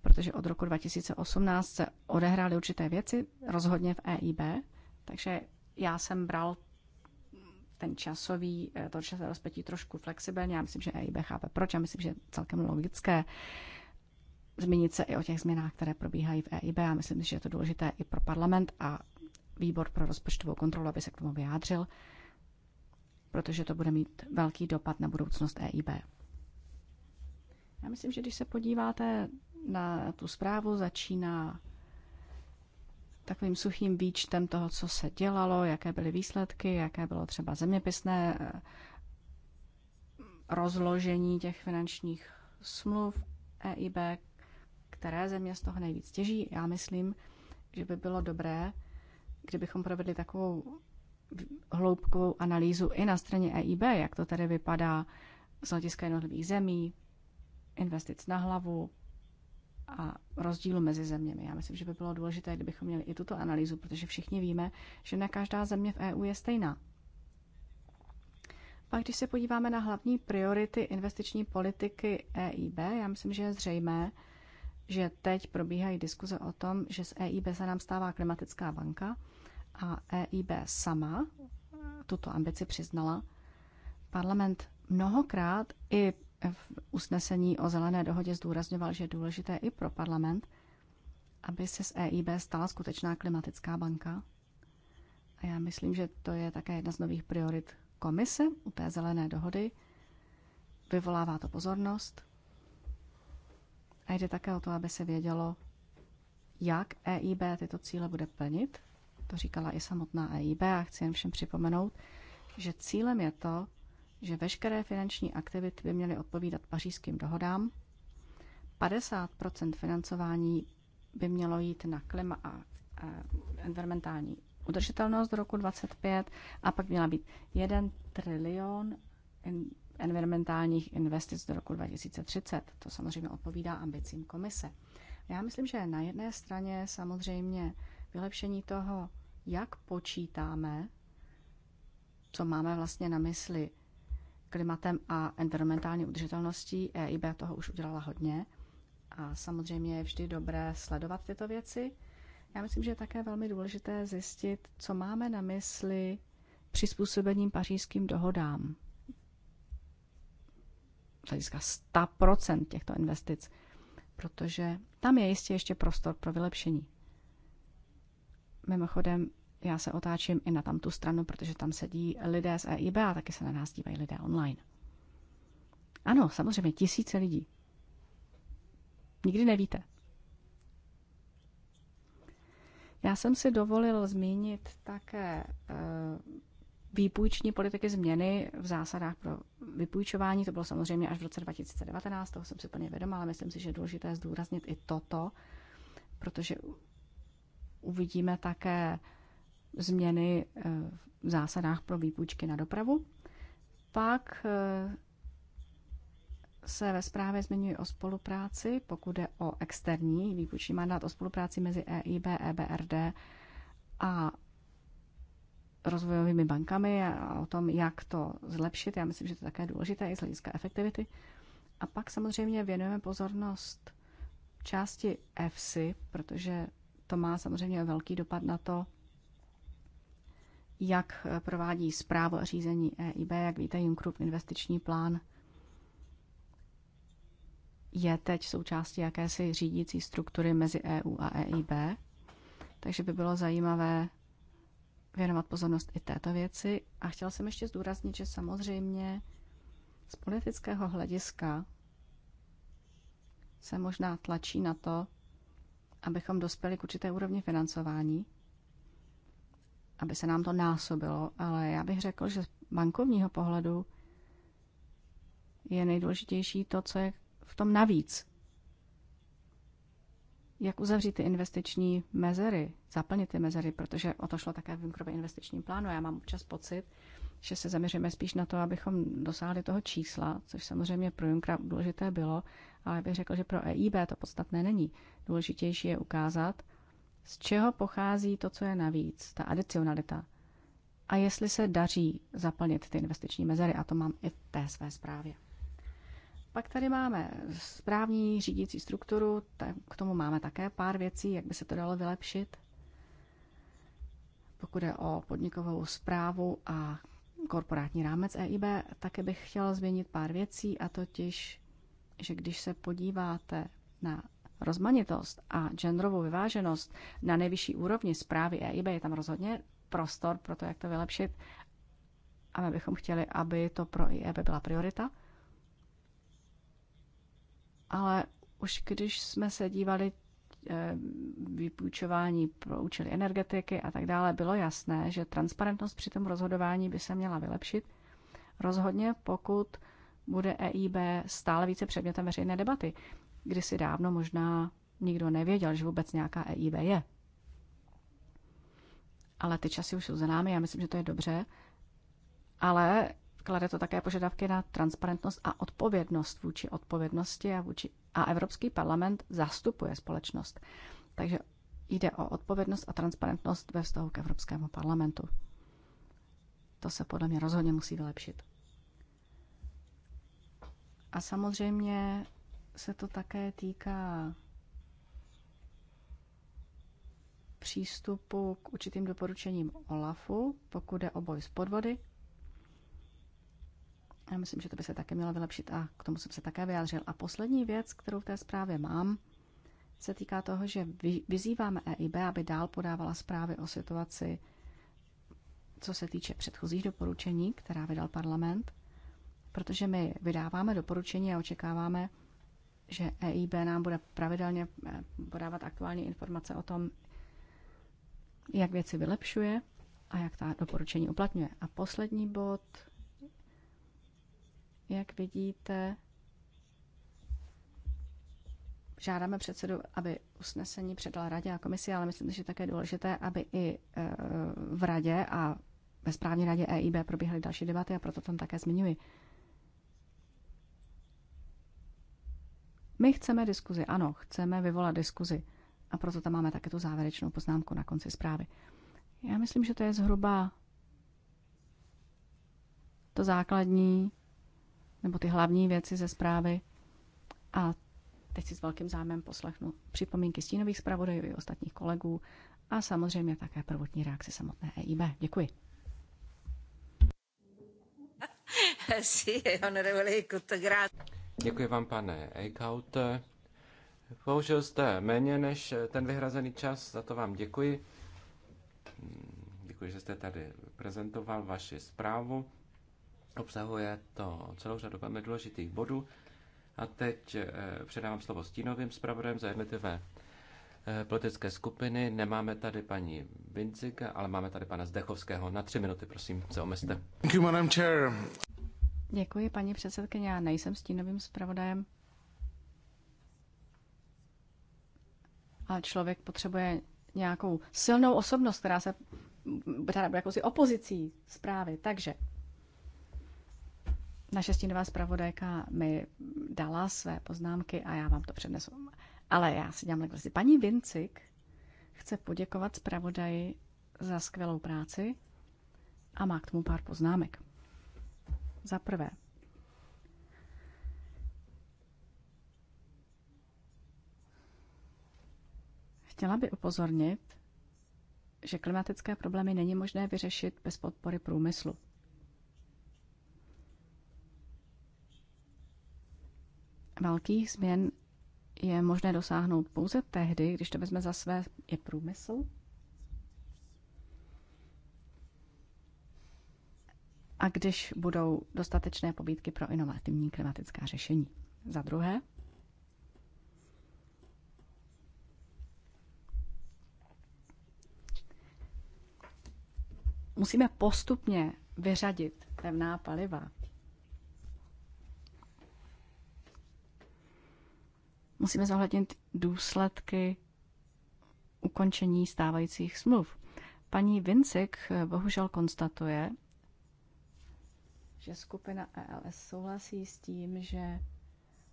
Speaker 4: protože od roku 2018 se odehrály určité věci, rozhodně v EIB, takže já jsem bral ten časový, eh, to časové rozpětí trošku flexibilně. Já myslím, že EIB chápe proč, já myslím, že je celkem logické, zmínit se i o těch změnách, které probíhají v EIB. Já myslím, že je to důležité i pro parlament a výbor pro rozpočtovou kontrolu, aby se k tomu vyjádřil, protože to bude mít velký dopad na budoucnost EIB. Já myslím, že když se podíváte na tu zprávu, začíná takovým suchým výčtem toho, co se dělalo, jaké byly výsledky, jaké bylo třeba zeměpisné eh, rozložení těch finančních smluv EIB, které země z toho nejvíc těží. Já myslím, že by bylo dobré, kdybychom provedli takovou hloubkovou analýzu i na straně EIB, jak to tady vypadá z hlediska jednotlivých zemí, investic na hlavu a rozdílu mezi zeměmi. Já myslím, že by bylo důležité, kdybychom měli i tuto analýzu, protože všichni víme, že ne každá země v EU je stejná. Pak, když se podíváme na hlavní priority investiční politiky EIB, já myslím, že je zřejmé, že teď probíhají diskuze o tom, že z EIB se nám stává klimatická banka a EIB sama tuto ambici přiznala. Parlament mnohokrát i v usnesení o zelené dohodě zdůrazňoval, že je důležité i pro parlament, aby se z EIB stala skutečná klimatická banka. A já myslím, že to je také jedna z nových priorit komise u té zelené dohody. Vyvolává to pozornost a jde také o to, aby se vědělo, jak EIB tyto cíle bude plnit. To říkala i samotná EIB a chci jen všem připomenout, že cílem je to, že veškeré finanční aktivity by měly odpovídat pařížským dohodám. 50 financování by mělo jít na klima a environmentální udržitelnost do roku 2025 a pak měla být 1 trilion environmentálních investic do roku 2030. To samozřejmě odpovídá ambicím komise. Já myslím, že na jedné straně samozřejmě vylepšení toho, jak počítáme, co máme vlastně na mysli klimatem a environmentální udržitelností. EIB toho už udělala hodně a samozřejmě je vždy dobré sledovat tyto věci. Já myslím, že je také velmi důležité zjistit, co máme na mysli přizpůsobením pařížským dohodám z hlediska 100% těchto investic, protože tam je jistě ještě prostor pro vylepšení. Mimochodem, já se otáčím i na tamtu stranu, protože tam sedí lidé z EIB a taky se na nás dívají lidé online. Ano, samozřejmě tisíce lidí. Nikdy nevíte. Já jsem si dovolil zmínit také eh, výpůjční politiky změny v zásadách pro vypůjčování. To bylo samozřejmě až v roce 2019, toho jsem si plně vědoma, ale myslím si, že je důležité zdůraznit i toto, protože uvidíme také změny eh, v zásadách pro výpůjčky na dopravu. Pak eh, se ve zprávě zmiňuje o spolupráci, pokud je o externí výpůjční mandát o spolupráci mezi EIB, EBRD a rozvojovými bankami a o tom, jak to zlepšit. Já myslím, že to je také důležité i z hlediska efektivity. A pak samozřejmě věnujeme pozornost části EFSI, protože to má samozřejmě velký dopad na to, jak provádí zprávu a řízení EIB. Jak víte, Junkrup investiční plán je teď součástí jakési řídící struktury mezi EU a EIB. Takže by bylo zajímavé věnovat pozornost i této věci. A chtěla jsem ještě zdůraznit, že samozřejmě z politického hlediska se možná tlačí na to, abychom dospěli k určité úrovni financování, aby se nám to násobilo, ale já bych řekl, že z bankovního pohledu je nejdůležitější to, co je v tom navíc jak uzavřít ty investiční mezery, zaplnit ty mezery, protože o to šlo také v Junckerově investičním plánu. Já mám občas pocit, že se zaměříme spíš na to, abychom dosáhli toho čísla, což samozřejmě pro Junkra důležité bylo, ale bych řekl, že pro EIB to podstatné není. Důležitější je ukázat, z čeho pochází to, co je navíc, ta adicionalita. A jestli se daří zaplnit ty investiční mezery, a to mám i v té své zprávě. Pak tady máme správní řídící strukturu, k tomu máme také pár věcí, jak by se to dalo vylepšit. Pokud je o podnikovou zprávu a korporátní rámec EIB, také bych chtěla změnit pár věcí, a totiž, že když se podíváte na rozmanitost a genderovou vyváženost na nejvyšší úrovni zprávy EIB, je tam rozhodně prostor pro to, jak to vylepšit. A my bychom chtěli, aby to pro EIB byla priorita – ale už když jsme se dívali eh, vypůjčování pro účely energetiky a tak dále, bylo jasné, že transparentnost při tom rozhodování by se měla vylepšit. Rozhodně pokud bude EIB stále více předmětem veřejné debaty. kdy si dávno možná nikdo nevěděl, že vůbec nějaká EIB je. Ale ty časy už jsou za námi, já myslím, že to je dobře. Ale klade to také požadavky na transparentnost a odpovědnost vůči odpovědnosti a, vůči, a Evropský parlament zastupuje společnost. Takže jde o odpovědnost a transparentnost ve vztahu k Evropskému parlamentu. To se podle mě rozhodně musí vylepšit. A samozřejmě se to také týká přístupu k určitým doporučením OLAFu, pokud je o boj s podvody já myslím, že to by se také mělo vylepšit a k tomu jsem se také vyjádřil. A poslední věc, kterou v té zprávě mám, se týká toho, že vyzýváme EIB, aby dál podávala zprávy o situaci, co se týče předchozích doporučení, která vydal parlament, protože my vydáváme doporučení a očekáváme, že EIB nám bude pravidelně eh, podávat aktuální informace o tom, jak věci vylepšuje a jak ta doporučení uplatňuje. A poslední bod – jak vidíte, žádáme předsedu, aby usnesení předal radě a komisi, ale myslím, že je také důležité, aby i e, v radě a ve správní radě EIB probíhaly další debaty a proto tam také zmiňuji. My chceme diskuzi, ano, chceme vyvolat diskuzi a proto tam máme také tu závěrečnou poznámku na konci zprávy. Já myslím, že to je zhruba to základní, nebo ty hlavní věci ze zprávy. A teď si s velkým zájmem poslechnu připomínky stínových zpravodajů i ostatních kolegů a samozřejmě také prvotní reakce samotné EIB. Děkuji.
Speaker 1: <laughs> Děkuji vám, pane Eichhout. Použil jste méně než ten vyhrazený čas, za to vám děkuji. Děkuji, že jste tady prezentoval vaši zprávu. Obsahuje to celou řadu velmi důležitých bodů. A teď eh, předávám slovo stínovým zpravodajem za jednotlivé eh, politické skupiny. Nemáme tady paní Vincika, ale máme tady pana Zdechovského. Na tři minuty, prosím, se omezte.
Speaker 4: Děkuji, paní předsedkyně. Já nejsem stínovým zpravodajem. a člověk potřebuje nějakou silnou osobnost, která se bude jakousi opozicí zprávy. Takže naše stínová zpravodajka mi dala své poznámky a já vám to přednesu. Ale já si dělám legraci. Paní Vincik chce poděkovat zpravodaji za skvělou práci a má k tomu pár poznámek. Za prvé, chtěla by upozornit, že klimatické problémy není možné vyřešit bez podpory průmyslu. Velkých změn je možné dosáhnout pouze tehdy, když to vezme za své, je průmysl. A když budou dostatečné pobídky pro inovativní klimatická řešení. Za druhé, musíme postupně vyřadit pevná paliva Musíme zohlednit důsledky ukončení stávajících smluv. Paní Vincik bohužel konstatuje, že skupina ELS souhlasí s tím, že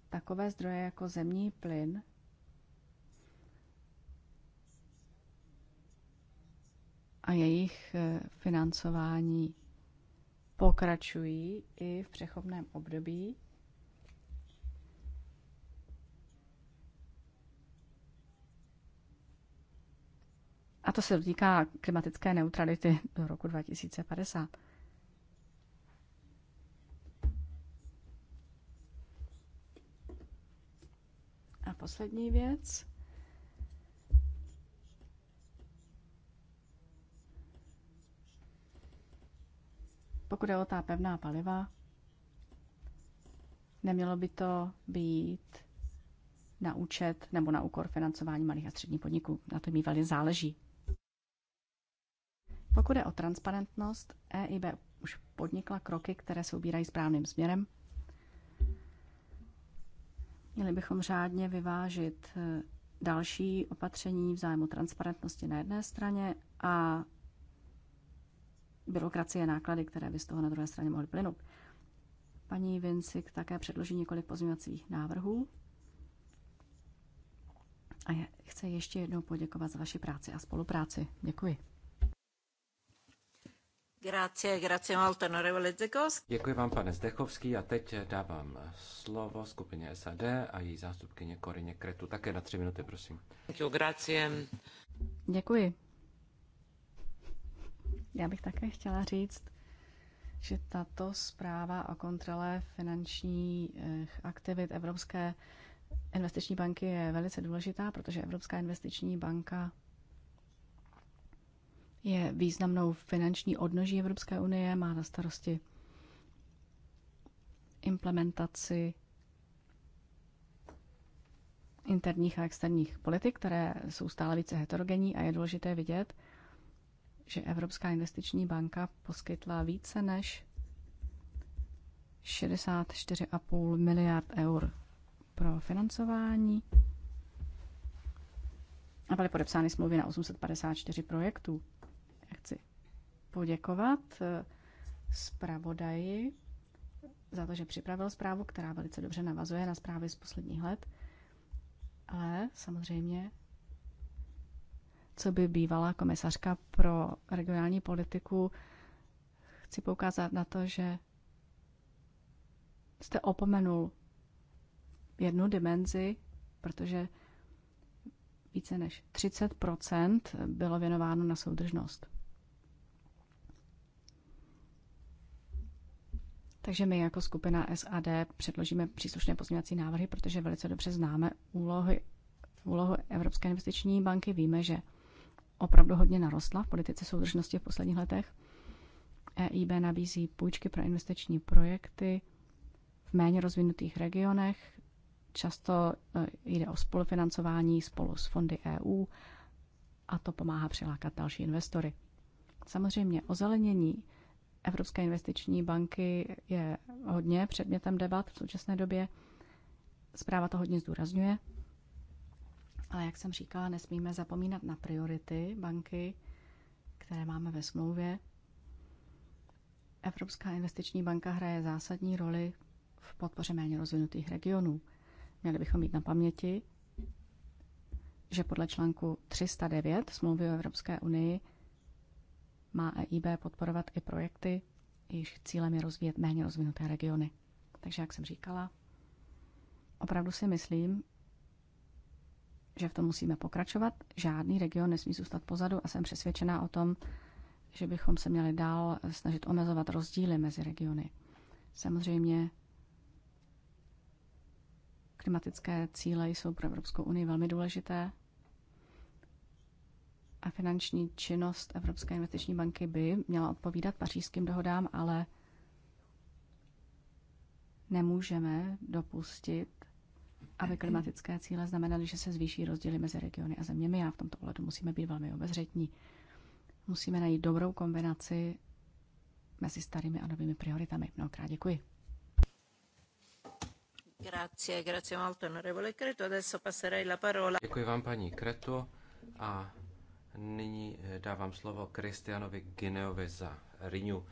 Speaker 4: takové zdroje jako zemní plyn a jejich eh, financování pokračují i v přechodném období A to se dotýká klimatické neutrality do roku 2050. A poslední věc. Pokud je o ta pevná paliva, nemělo by to být na účet nebo na úkor financování malých a středních podniků. Na to mývali záleží. Pokud je o transparentnost, EIB už podnikla kroky, které se ubírají správným směrem. Měli bychom řádně vyvážit eh, další opatření v zájmu transparentnosti na jedné straně a byrokracie náklady, které by z toho na druhé straně mohly plynout. Paní Vincik také předloží několik pozměňovacích návrhů. A já chci ještě jednou poděkovat za vaši práci a spolupráci. Děkuji.
Speaker 2: Grazie, grazie molto, onorevole
Speaker 1: Děkuji vám, pane Zdechovský, a teď dávám slovo skupině SAD a její zástupkyně Korině Kretu. Také na tři minuty, prosím. Děkuji.
Speaker 4: Děkuji. Já bych také chtěla říct, že tato zpráva o kontrole finančních aktivit Evropské investiční banky je velice důležitá, protože Evropská investiční banka je významnou finanční odnoží Evropské unie, má na starosti implementaci interních a externích politik, které jsou stále více heterogenní a je důležité vidět, že Evropská investiční banka poskytla více než 64,5 miliard eur pro financování a byly podepsány smlouvy na 854 projektů. Chci poděkovat eh, zpravodaji za to, že připravil zprávu, která velice dobře navazuje na zprávy z posledních let. Ale samozřejmě, co by bývala komisařka pro regionální politiku, chci poukázat na to, že jste opomenul jednu dimenzi, protože více než 30 bylo věnováno na soudržnost. Takže my jako skupina SAD předložíme příslušné pozměňovací návrhy, protože velice dobře známe úlohy, úlohu Evropské investiční banky. Víme, že opravdu hodně narostla v politice soudržnosti v posledních letech. EIB nabízí půjčky pro investiční projekty v méně rozvinutých regionech. Často e, jde o spolufinancování spolu s fondy EU a to pomáhá přilákat další investory. Samozřejmě ozelenění Evropské investiční banky je hodně předmětem debat v současné době. Zpráva to hodně zdůrazňuje. Ale jak jsem říkala, nesmíme zapomínat na priority banky, které máme ve smlouvě. Evropská investiční banka hraje zásadní roli v podpoře méně rozvinutých regionů. Měli bychom mít na paměti, že podle článku 309 smlouvy o Evropské unii má EIB podporovat i projekty, jejichž cílem je rozvíjet méně rozvinuté regiony. Takže, jak jsem říkala, opravdu si myslím, že v tom musíme pokračovat. Žádný region nesmí zůstat pozadu a jsem přesvědčená o tom, že bychom se měli dál snažit omezovat rozdíly mezi regiony. Samozřejmě klimatické cíle jsou pro Evropskou unii velmi důležité a finanční činnost Evropské investiční banky by měla odpovídat pařížským dohodám, ale nemůžeme dopustit, aby klimatické cíle znamenaly, že se zvýší rozdíly mezi regiony a zeměmi a v tomto ohledu musíme být velmi obezřetní. Musíme najít dobrou kombinaci mezi starými a novými prioritami. Mnohokrát děkuji.
Speaker 2: Grazie, grazie molto onorevole Creto. Adesso passerei la parola. Děkuji
Speaker 1: vám, paní Kreto. A Nyní eh, dávám slovo Kristianovi Gineovi za Renew.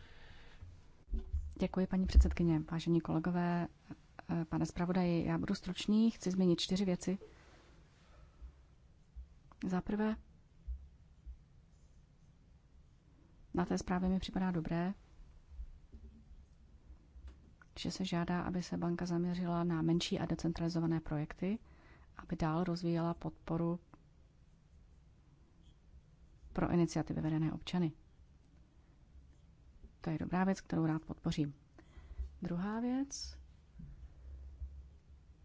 Speaker 4: Děkuji, paní předsedkyně. Vážení kolegové, eh, pane zpravodaji, já budu stručný, chci změnit čtyři věci. Za prvé, na té zprávě mi připadá dobré, že se žádá, aby se banka zaměřila na menší a decentralizované projekty, aby dál rozvíjela podporu pro iniciativy vedené občany. To je dobrá věc, kterou rád podpořím. Druhá věc,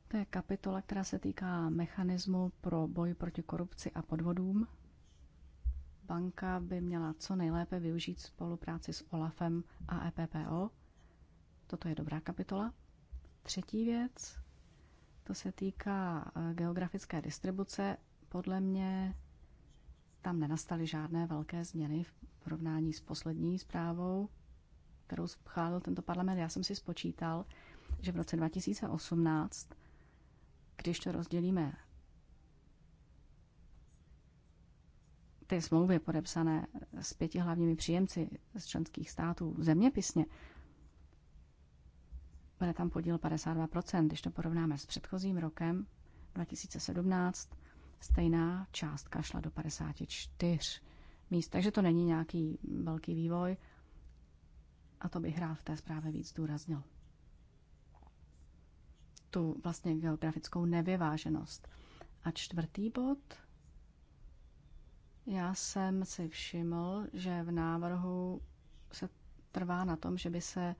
Speaker 4: to je kapitola, která se týká mechanismu pro boj proti korupci a podvodům. Banka by měla co nejlépe využít spolupráci s OLAFem a EPPO. Toto je dobrá kapitola. Třetí věc, to se týká eh, geografické distribuce. Podle mě tam nenastaly žádné velké změny v porovnání s poslední zprávou, kterou schválil tento parlament. Já jsem si spočítal, že v roce 2018, když to rozdělíme ty smlouvy podepsané s pěti hlavními příjemci z členských států zeměpisně, bude tam podíl 52%. Když to porovnáme s předchozím rokem 2017, stejná částka šla do 54 míst. Takže to není nějaký velký vývoj a to bych rád v té zprávě víc zdůraznil. Tu vlastně geografickou nevyváženost. A čtvrtý bod. Já jsem si všiml, že v návrhu se trvá na tom, že by se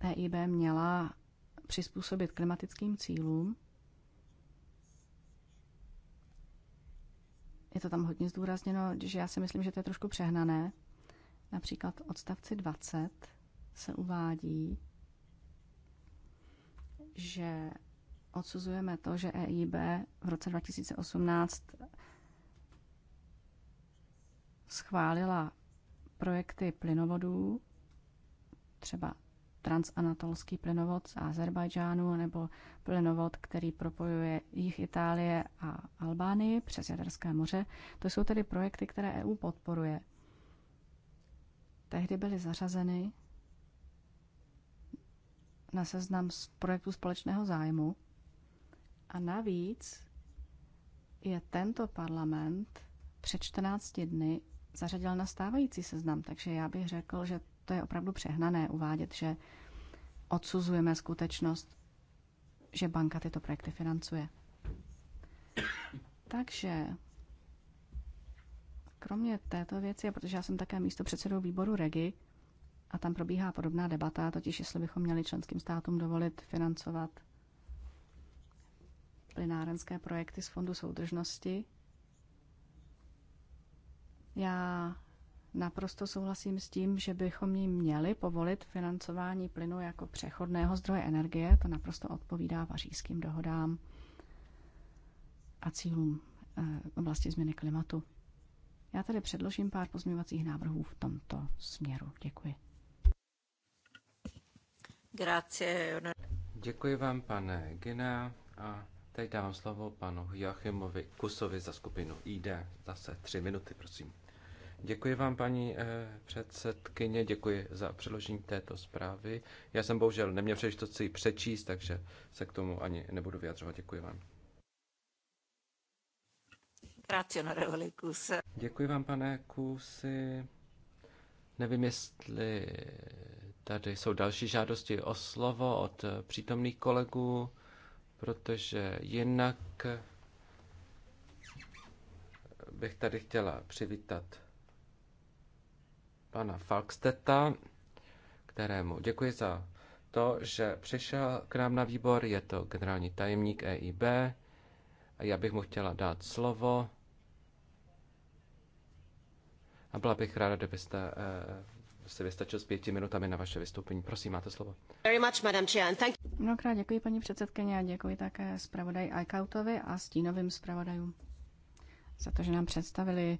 Speaker 4: EIB měla přizpůsobit klimatickým cílům je to tam hodně zdůrazněno, že já si myslím, že to je trošku přehnané. Například odstavci 20 se uvádí, že odsuzujeme to, že EIB v roce 2018 schválila projekty plynovodů, třeba transanatolský plynovod z Azerbajdžánu nebo plynovod, který propojuje jich Itálie a Albánii přes Jaderské moře. To jsou tedy projekty, které EU podporuje. Tehdy byly zařazeny na seznam z projektu společného zájmu. A navíc je tento parlament před 14 dny zařadil na stávající seznam, takže já bych řekl, že to je opravdu přehnané uvádět, že odsuzujeme skutečnost, že banka tyto projekty financuje. Takže kromě této věci, protože já jsem také místo předsedou výboru REGI, a tam probíhá podobná debata, totiž jestli bychom měli členským státům dovolit financovat plynárenské projekty z Fondu soudržnosti. Já Naprosto souhlasím s tím, že bychom jim měli povolit financování plynu jako přechodného zdroje energie. To naprosto odpovídá pařížským dohodám a cílům eh, oblasti změny klimatu. Já tady předložím pár pozměňovacích návrhů v tomto směru. Děkuji.
Speaker 2: Grazie.
Speaker 1: Děkuji vám, pane Gina. A teď dávám slovo panu Joachimovi Kusovi za skupinu ID. Zase tři minuty, prosím. Děkuji vám, paní eh, předsedkyně, děkuji za předložení této zprávy. Já jsem bohužel neměl příležitost si ji přečíst, takže se k tomu ani nebudu vyjadřovat. Děkuji vám. Děkuji vám, pane Kusy. Nevím, jestli tady jsou další žádosti o slovo od přítomných kolegů, protože jinak bych tady chtěla přivítat pana Falksteta, kterému děkuji za to, že přišel k nám na výbor. Je to generální tajemník EIB. Já bych mu chtěla dát slovo. A byla bych ráda, kdybyste eh, se vystačil s pěti minutami na vaše vystoupení. Prosím, máte slovo.
Speaker 4: Mnohokrát děkuji paní předsedkyně a děkuji také zpravodaj Aikautovi a stínovým zpravodajům za to, že nám představili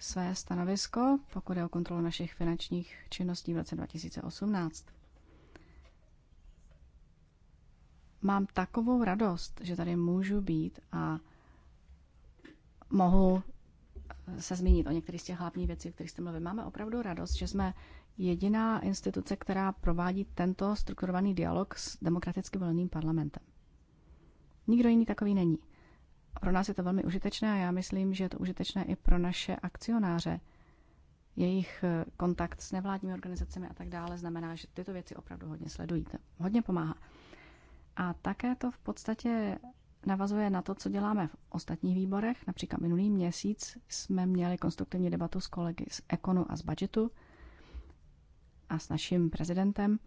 Speaker 4: své stanovisko, pokud je o kontrolu našich finančních činností v roce 2018. Mám takovou radost, že tady můžu být a mohu se zmínit o některých z těch hlavních věcí, o kterých jste mluvili. Máme opravdu radost, že jsme jediná instituce, která provádí tento strukturovaný dialog s demokraticky voleným parlamentem. Nikdo jiný takový není. Pro nás je to velmi užitečné a já myslím, že je to užitečné i pro naše akcionáře. Jejich eh, kontakt s nevládními organizacemi a tak dále znamená, že tyto věci opravdu hodně sledují. To hodně pomáhá. A také to v podstatě navazuje na to, co děláme v ostatních výborech. Například minulý měsíc jsme měli konstruktivní debatu s kolegy z Ekonu a z budgetu a s naším prezidentem,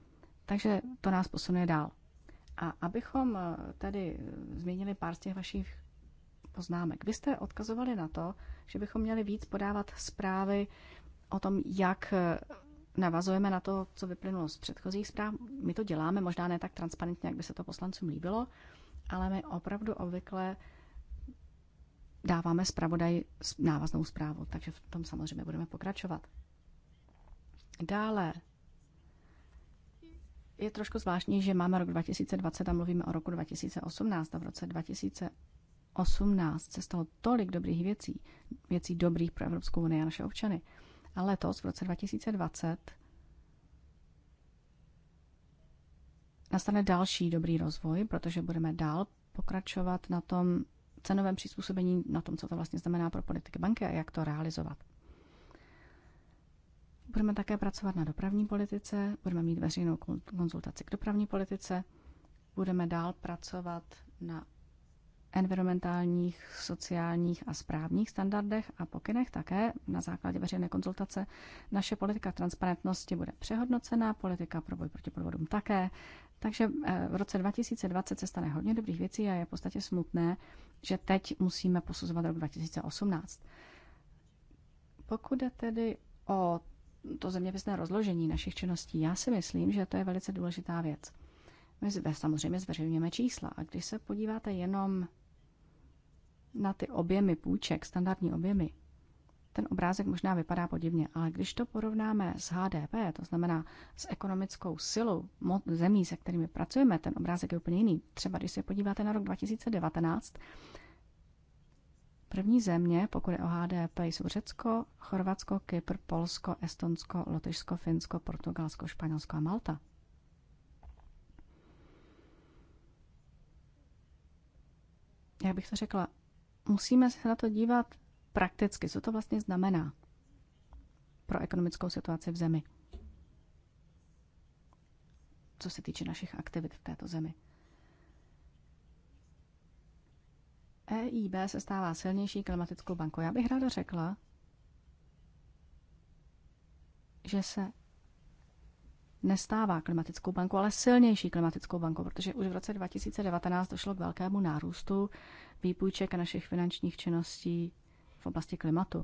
Speaker 4: takže to nás posunuje dál. A abychom eh, tedy eh, změnili pár z těch vašich poznámek. Vy jste odkazovali na to, že bychom měli víc podávat zprávy o tom, jak eh, navazujeme na to, co vyplynulo z předchozích zpráv. My to děláme, možná ne tak transparentně, jak by se to poslancům líbilo, ale my opravdu obvykle dáváme zpravodaj návaznou zprávu, takže v tom samozřejmě budeme pokračovat. Dále je trošku zvláštní, že máme rok 2020 a mluvíme o roku 2018 a v roce 2000 2018 se stalo tolik dobrých věcí, věcí dobrých pro Evropskou unii a naše občany. A letos, v roce 2020, nastane další dobrý rozvoj, protože budeme dál pokračovat na tom cenovém přizpůsobení, na tom, co to vlastně znamená pro politiky banky a jak to realizovat. Budeme také pracovat na dopravní politice, budeme mít veřejnou konzultaci k dopravní politice, budeme dál pracovat na environmentálních, sociálních a správních standardech a pokynech také na základě veřejné konzultace. Naše politika transparentnosti bude přehodnocená, politika pro boj proti podvodům také. Takže eh, v roce 2020 se stane hodně dobrých věcí a je v podstatě smutné, že teď musíme posuzovat rok 2018. Pokud je tedy o to zeměpisné rozložení našich činností, já si myslím, že to je velice důležitá věc. My samozřejmě zveřejňujeme čísla a když se podíváte jenom na ty objemy půjček, standardní objemy, ten obrázek možná vypadá podivně, ale když to porovnáme s HDP, to znamená s ekonomickou silou zemí, se kterými pracujeme, ten obrázek je úplně jiný. Třeba když se podíváte na rok 2019, první země, pokud je o HDP, jsou Řecko, Chorvatsko, Kypr, Polsko, Estonsko, Lotyšsko, Finsko, Portugalsko, Španělsko a Malta. Já bych to řekla, musíme se na to dívat prakticky. Co to vlastně znamená pro ekonomickou situaci v zemi? Co se týče našich aktivit v této zemi. EIB se stává silnější klimatickou bankou. Já bych ráda řekla, že se nestává klimatickou banku, ale silnější klimatickou banku, protože už v roce 2019 došlo k velkému nárůstu výpůjček a našich finančních činností v oblasti klimatu.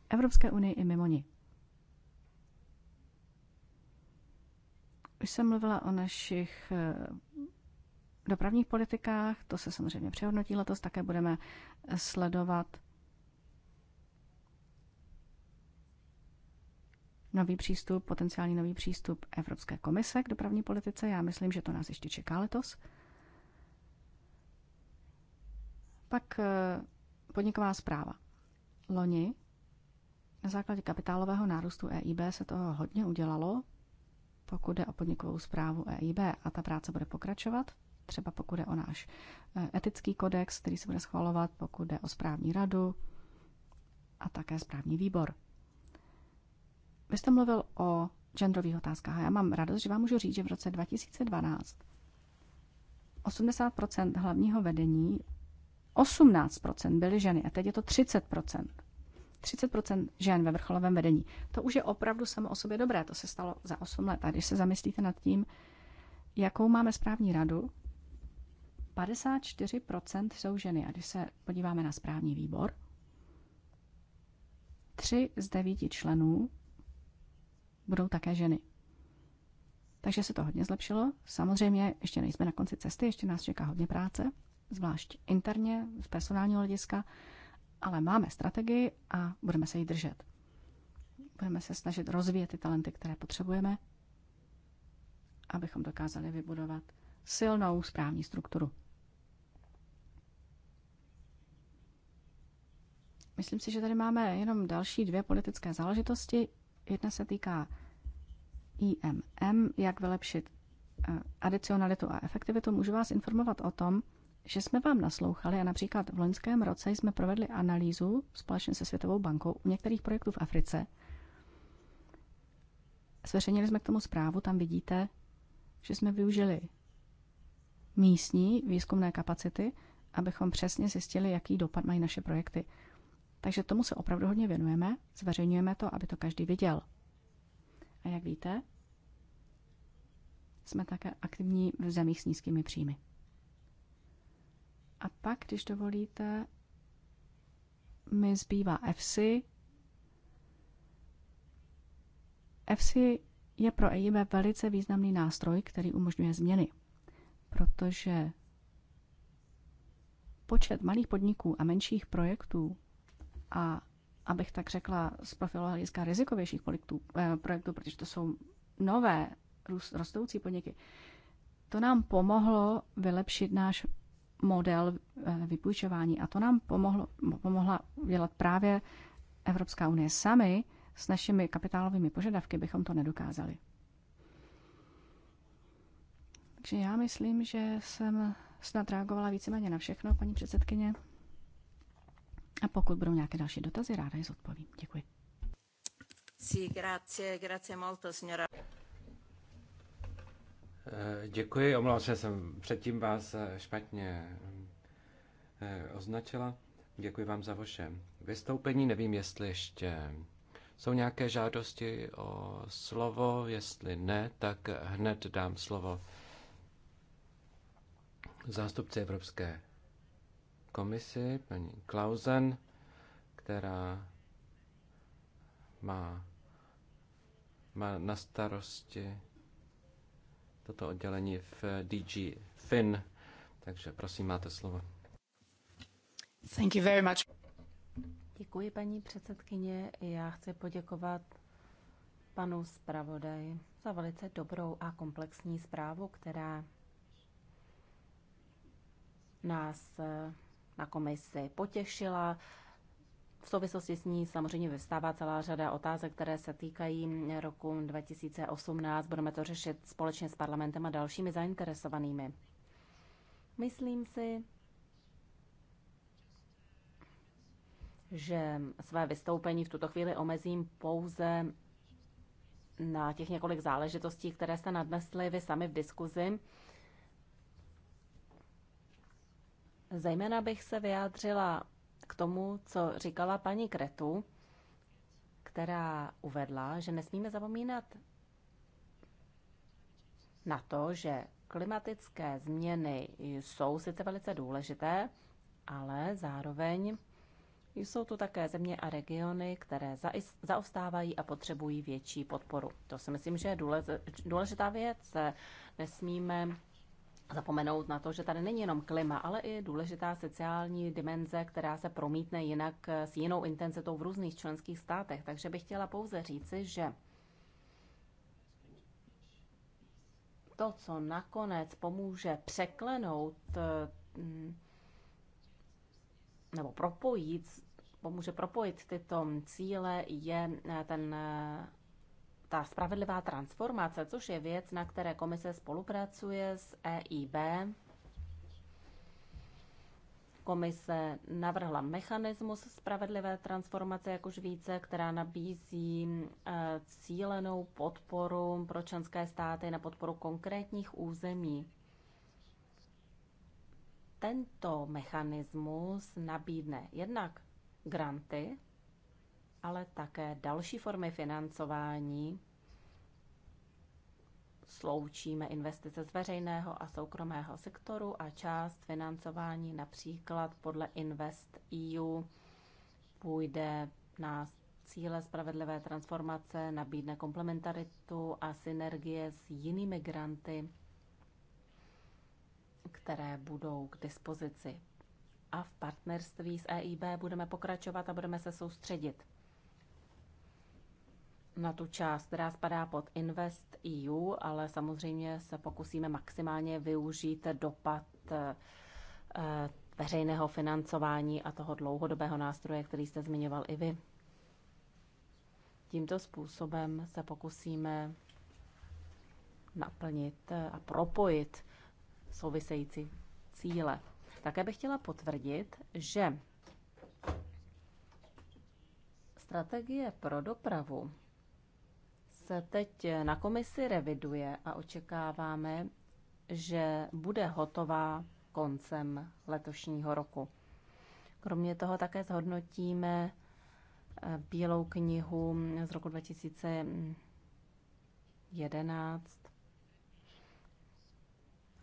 Speaker 4: V Evropské unii i mimo ní. Už jsem mluvila o našich eh, dopravních politikách, to se samozřejmě přehodnotí letos, také budeme sledovat nový přístup, potenciální nový přístup Evropské komise k dopravní politice. Já myslím, že to nás ještě čeká letos. Pak eh, podniková zpráva. Loni na základě kapitálového nárůstu EIB se toho hodně udělalo, pokud jde o podnikovou zprávu EIB a ta práce bude pokračovat, třeba pokud jde o náš eh, etický kodex, který se bude schvalovat, pokud jde o správní radu a také správní výbor. Vy jste mluvil o genderových otázkách a já mám radost, že vám můžu říct, že v roce 2012 80 hlavního vedení, 18 byly ženy a teď je to 30 30 žen ve vrcholovém vedení. To už je opravdu samo o sobě dobré, to se stalo za 8 let. A když se zamyslíte nad tím, jakou máme správní radu, 54 jsou ženy. A když se podíváme na správní výbor, tři z devíti členů budou také ženy. Takže se to hodně zlepšilo. Samozřejmě ještě nejsme na konci cesty, ještě nás čeká hodně práce, zvlášť interně, z personálního hlediska, ale máme strategii a budeme se jí držet. Budeme se snažit rozvíjet ty talenty, které potřebujeme, abychom dokázali vybudovat silnou správní strukturu. Myslím si, že tady máme jenom další dvě politické záležitosti. Jedna se týká IMM, jak vylepšit eh, adicionalitu a efektivitu. Můžu vás informovat o tom, že jsme vám naslouchali a například v loňském roce jsme provedli analýzu společně se Světovou bankou u některých projektů v Africe. Zveřejnili jsme k tomu zprávu, tam vidíte, že jsme využili místní výzkumné kapacity, abychom přesně zjistili, jaký dopad mají naše projekty. Takže tomu se opravdu hodně věnujeme, zveřejňujeme to, aby to každý viděl. A jak víte, jsme také aktivní v zemích s nízkými příjmy. A pak, když dovolíte, mi zbývá FC. FC je pro EIB velice významný nástroj, který umožňuje změny, protože počet malých podniků a menších projektů a abych tak řekla, z profilu hlediska rizikovějších projektů, eh, projektů, protože to jsou nové rostoucí podniky, to nám pomohlo vylepšit náš model eh, vypůjčování a to nám pomohlo, pomohla dělat právě Evropská unie sami s našimi kapitálovými požadavky bychom to nedokázali. Takže já myslím, že jsem snad reagovala víceméně na všechno, paní předsedkyně. A pokud budou nějaké další dotazy, ráda je zodpovím. Děkuji.
Speaker 2: Sí, grazie, grazie molto, signora.
Speaker 1: Eh, děkuji, omlouvám se, jsem předtím vás eh, špatně eh, označila. Děkuji vám za vaše vystoupení. Nevím, jestli ještě jsou nějaké žádosti o slovo. Jestli ne, tak hned dám slovo zástupci Evropské komisi, paní Klausen, která má, má na starosti toto oddělení v DG Fin. Takže prosím, máte slovo.
Speaker 4: Thank you very much.
Speaker 3: Děkuji, paní předsedkyně. Já chci poděkovat panu zpravodaji za velice dobrou a komplexní zprávu, která nás na komisi potěšila. V souvislosti s ní samozřejmě vystává celá řada otázek, které se týkají roku 2018. Budeme to řešit společně s parlamentem a dalšími zainteresovanými. Myslím si, že své vystoupení v tuto chvíli omezím pouze na těch několik záležitostí, které jste nadnesli vy sami v diskuzi. Zejména bych se vyjádřila k tomu, co říkala paní Kretu, která uvedla, že nesmíme zapomínat na to, že klimatické změny jsou sice velice důležité, ale zároveň jsou tu také země a regiony, které zaostávají a potřebují větší podporu. To si myslím, že je důležitá věc. Nesmíme zapomenout na to, že tady není jenom klima, ale i důležitá sociální dimenze, která se promítne jinak eh, s jinou intenzitou v různých členských státech. Takže bych chtěla pouze říci, že to, co nakonec pomůže překlenout eh, mm, nebo propojit, pomůže propojit tyto cíle, je eh, ten ta spravedlivá transformace, což je věc, na které komise spolupracuje s EIB. Komise navrhla mechanismus spravedlivé transformace, jak už více, která nabízí eh, cílenou podporu pro členské státy na podporu konkrétních území. Tento mechanismus nabídne jednak granty ale také další formy financování. Sloučíme investice z veřejného a soukromého sektoru a část financování například podle Invest EU půjde na cíle spravedlivé transformace, nabídne komplementaritu a synergie s jinými granty, které budou k dispozici. A v partnerství s EIB budeme pokračovat a budeme se soustředit na tu část, která spadá pod Invest EU, ale samozřejmě se pokusíme maximálně využít dopad eh, eh, veřejného financování a toho dlouhodobého nástroje, který jste zmiňoval i vy. Tímto způsobem se pokusíme naplnit eh, a propojit související cíle. Také bych chtěla potvrdit, že strategie pro dopravu se teď na komisi reviduje a očekáváme, že bude hotová koncem letošního roku. Kromě toho také zhodnotíme eh, Bílou knihu z roku 2011,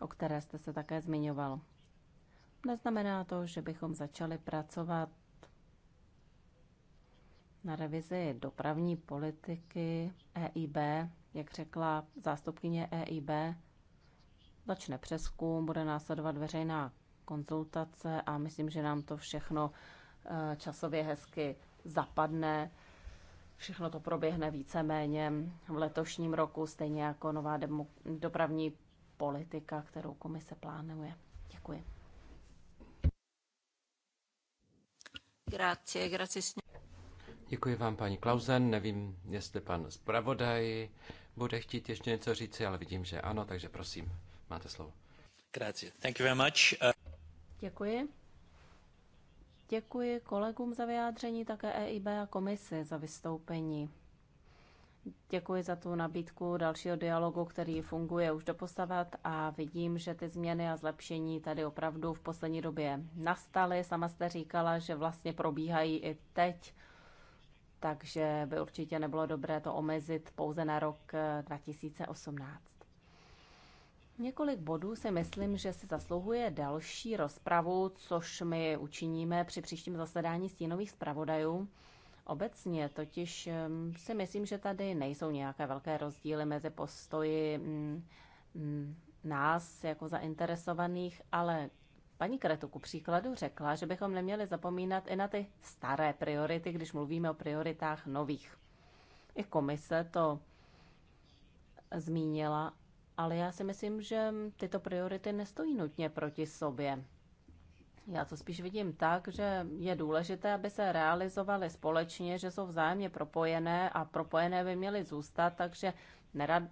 Speaker 3: o které jste se také zmiňoval. Neznamená to, že bychom začali pracovat na revizi dopravní politiky EIB, jak řekla zástupkyně EIB, začne přeskum, bude následovat veřejná konzultace a myslím, že nám to všechno eh, časově hezky zapadne. Všechno to proběhne víceméně v letošním roku, stejně jako nová demo, dopravní politika, kterou komise plánuje.
Speaker 2: Děkuji. Grazie, grazie.
Speaker 1: Děkuji vám, paní Klausen. Nevím, jestli pan zpravodaj bude chtít ještě něco říci, ale vidím, že ano, takže prosím, máte slovo. Grazie. Thank you very much. Uh, Děkuji.
Speaker 3: Děkuji kolegům za vyjádření, také EIB a komisi za vystoupení. Děkuji za tu nabídku dalšího dialogu, který funguje už postavat, a vidím, že ty změny a zlepšení tady opravdu v poslední době nastaly. Sama jste říkala, že vlastně probíhají i teď takže by určitě nebylo dobré to omezit pouze na rok 2018. Eh, Několik bodů si myslím, že si zasluhuje další rozpravu, což my učiníme při příštím zasedání stínových zpravodajů. Obecně totiž ehm, si myslím, že tady nejsou nějaké velké rozdíly mezi postoji mm, mm, nás jako zainteresovaných, ale Paní Kretu ku příkladu řekla, že bychom neměli zapomínat i na ty staré priority, když mluvíme o prioritách nových. I komise to zmínila, ale já si myslím, že tyto priority nestojí nutně proti sobě. Já to spíš vidím tak, že je důležité, aby se realizovaly společně, že jsou vzájemně propojené a propojené by měly zůstat, takže nerad,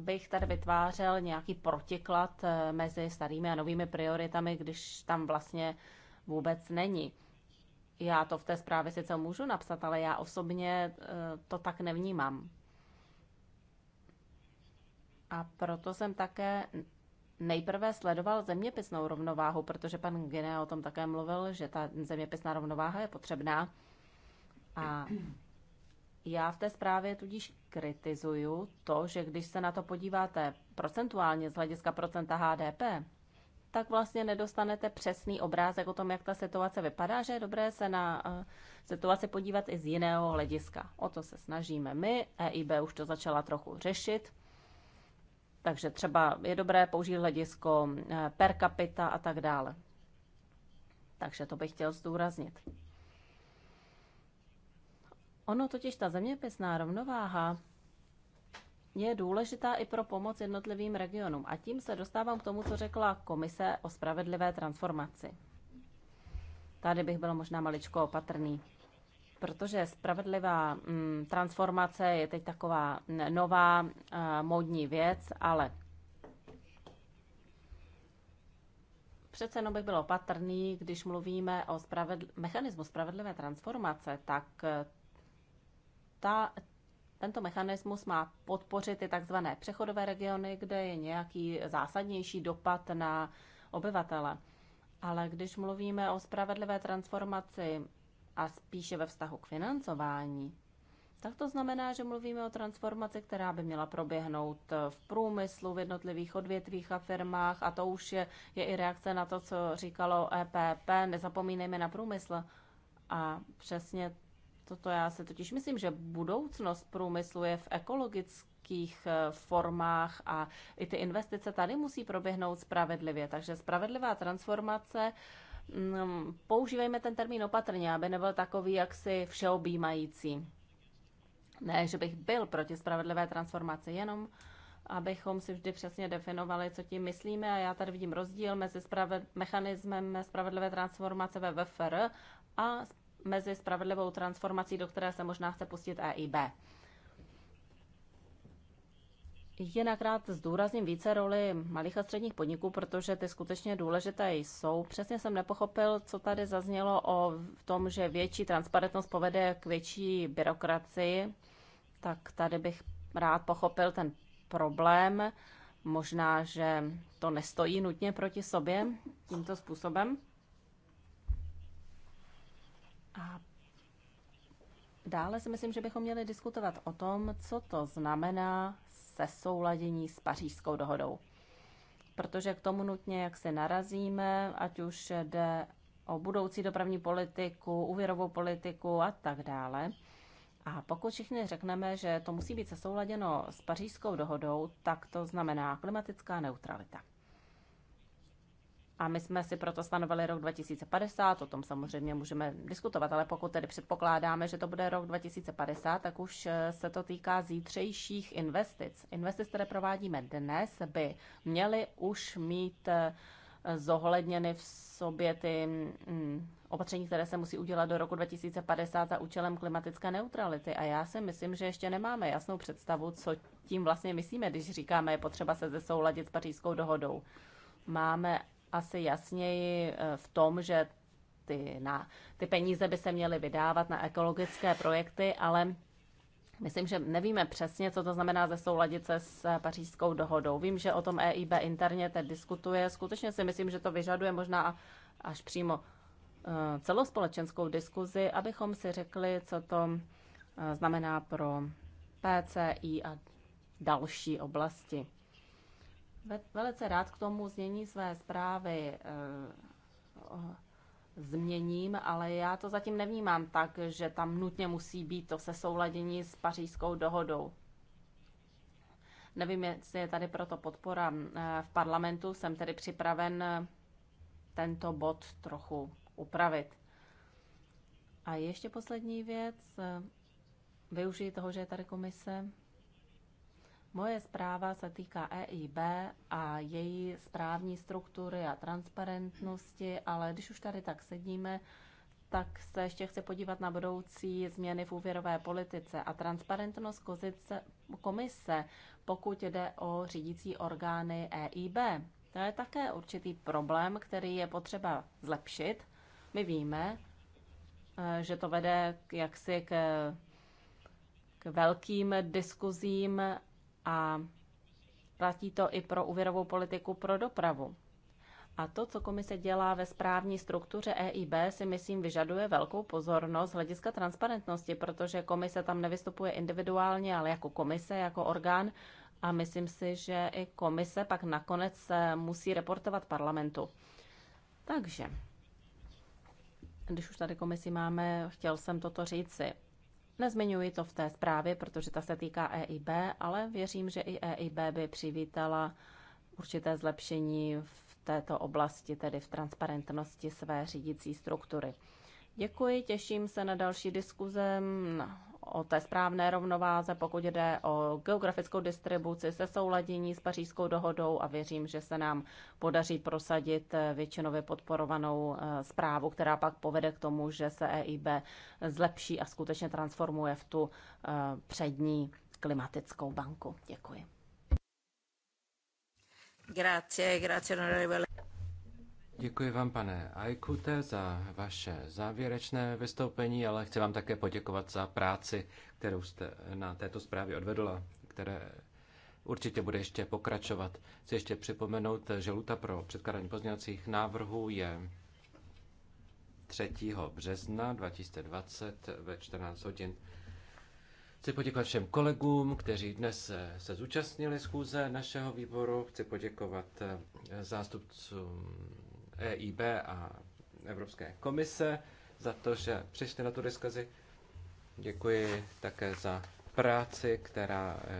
Speaker 3: bych tady vytvářel nějaký protiklad eh, mezi starými a novými prioritami, když tam vlastně vůbec není. Já to v té zprávě sice můžu napsat, ale já osobně eh, to tak nevnímám. A proto jsem také nejprve sledoval zeměpisnou rovnováhu, protože pan Gine o tom také mluvil, že ta zeměpisná rovnováha je potřebná. A já v té zprávě tudíž kritizuju to, že když se na to podíváte procentuálně z hlediska procenta HDP, tak vlastně nedostanete přesný obrázek o tom, jak ta situace vypadá, že je dobré se na eh, situaci podívat i z jiného hlediska. O to se snažíme my, EIB už to začala trochu řešit, takže třeba je dobré použít hledisko eh, per capita a tak dále. Takže to bych chtěl zdůraznit. Ono totiž ta zeměpisná rovnováha je důležitá i pro pomoc jednotlivým regionům. A tím se dostávám k tomu, co řekla Komise o spravedlivé transformaci. Tady bych byl možná maličko opatrný, protože spravedlivá mm, transformace je teď taková nová uh, módní věc, ale přece jenom bych byl opatrný, když mluvíme o spravedl- mechanismu spravedlivé transformace, tak ta, tento mechanismus má podpořit ty tzv. přechodové regiony, kde je nějaký zásadnější dopad na obyvatele. Ale když mluvíme o spravedlivé transformaci a spíše ve vztahu k financování, tak to znamená, že mluvíme o transformaci, která by měla proběhnout v průmyslu, v jednotlivých odvětvích a firmách a to už je, je i reakce na to, co říkalo EPP, nezapomínejme na průmysl. A přesně toto. Já se totiž myslím, že budoucnost průmyslu je v ekologických eh, formách a i ty investice tady musí proběhnout spravedlivě. Takže spravedlivá transformace mm, používejme ten termín opatrně, aby nebyl takový jaksi všeobjímající. Ne, že bych byl proti spravedlivé transformaci, jenom abychom si vždy přesně definovali, co tím myslíme. A já tady vidím rozdíl mezi spraved- mechanismem spravedlivé transformace ve VFR a mezi spravedlivou transformací, do které se možná chce pustit EIB. Jinak rád zdůrazním více roli malých a středních podniků, protože ty skutečně důležité jsou. Přesně jsem nepochopil, co tady zaznělo o tom, že větší transparentnost povede k větší byrokracii. Tak tady bych rád pochopil ten problém. Možná, že to nestojí nutně proti sobě tímto způsobem. A dále si myslím, že bychom měli diskutovat o tom, co to znamená se souladění s pařížskou dohodou. Protože k tomu nutně, jak se narazíme, ať už jde o budoucí dopravní politiku, úvěrovou politiku a tak dále. A pokud všichni řekneme, že to musí být sesouladěno s pařížskou dohodou, tak to znamená klimatická neutralita. A my jsme si proto stanovili rok 2050, o tom samozřejmě můžeme diskutovat, ale pokud tedy předpokládáme, že to bude rok 2050, tak už eh, se to týká zítřejších investic. Investic, které provádíme dnes, by měly už mít eh, zohledněny v sobě ty mm, opatření, které se musí udělat do roku 2050 za účelem klimatické neutrality. A já si myslím, že ještě nemáme jasnou představu, co tím vlastně myslíme, když říkáme, je potřeba se zesouladit s pařížskou dohodou. Máme asi jasněji eh, v tom, že ty, na, ty peníze by se měly vydávat na ekologické projekty, ale myslím, že nevíme přesně, co to znamená ze se s eh, pařížskou dohodou. Vím, že o tom EIB interně teď diskutuje. Skutečně si myslím, že to vyžaduje možná až přímo eh, celospolečenskou diskuzi, abychom si řekli, co to znamená pro PCI a další oblasti velice rád k tomu znění své zprávy eh, změním, ale já to zatím nevnímám tak, že tam nutně musí být to se souladění s pařížskou dohodou. Nevím, jestli je tady proto podpora eh, v parlamentu, jsem tedy připraven eh, tento bod trochu upravit. A ještě poslední věc, využiji toho, že je tady komise. Moje zpráva se týká EIB a její správní struktury a transparentnosti, ale když už tady tak sedíme, tak se ještě chci podívat na budoucí změny v úvěrové politice a transparentnost komise, pokud jde o řídící orgány EIB. To je také určitý problém, který je potřeba zlepšit. My víme, eh, že to vede jaksi k, k velkým diskuzím a platí to i pro úvěrovou politiku pro dopravu. A to, co komise dělá ve správní struktuře EIB, si myslím vyžaduje velkou pozornost z hlediska transparentnosti, protože komise tam nevystupuje individuálně, ale jako komise, jako orgán. A myslím si, že i komise pak nakonec eh, musí reportovat parlamentu. Takže, když už tady komisi máme, chtěl jsem toto říci. Nezmiňuji to v té zprávě, protože ta se týká EIB, ale věřím, že i EIB by přivítala určité zlepšení v této oblasti, tedy v transparentnosti své řídící struktury. Děkuji, těším se na další diskuze, o té správné rovnováze, pokud jde o geografickou distribuci, se souladění s pařížskou dohodou a věřím, že se nám podaří prosadit většinově podporovanou eh, zprávu, která pak povede k tomu, že se EIB zlepší a skutečně transformuje v tu eh, přední klimatickou banku. Děkuji.
Speaker 2: Grazie, grazie onorevole.
Speaker 1: Děkuji vám, pane Ajkute, za vaše závěrečné vystoupení, ale chci vám také poděkovat za práci, kterou jste na této zprávě odvedla, které určitě bude ještě pokračovat. Chci ještě připomenout, že luta pro předkladání pozměňovacích návrhů je 3. března 2020 ve 14 hodin. Chci poděkovat všem kolegům, kteří dnes se zúčastnili schůze našeho výboru. Chci poděkovat eh, zástupcům EIB a Evropské komise za to, že přišli na tu diskuzi. Děkuji také za práci, která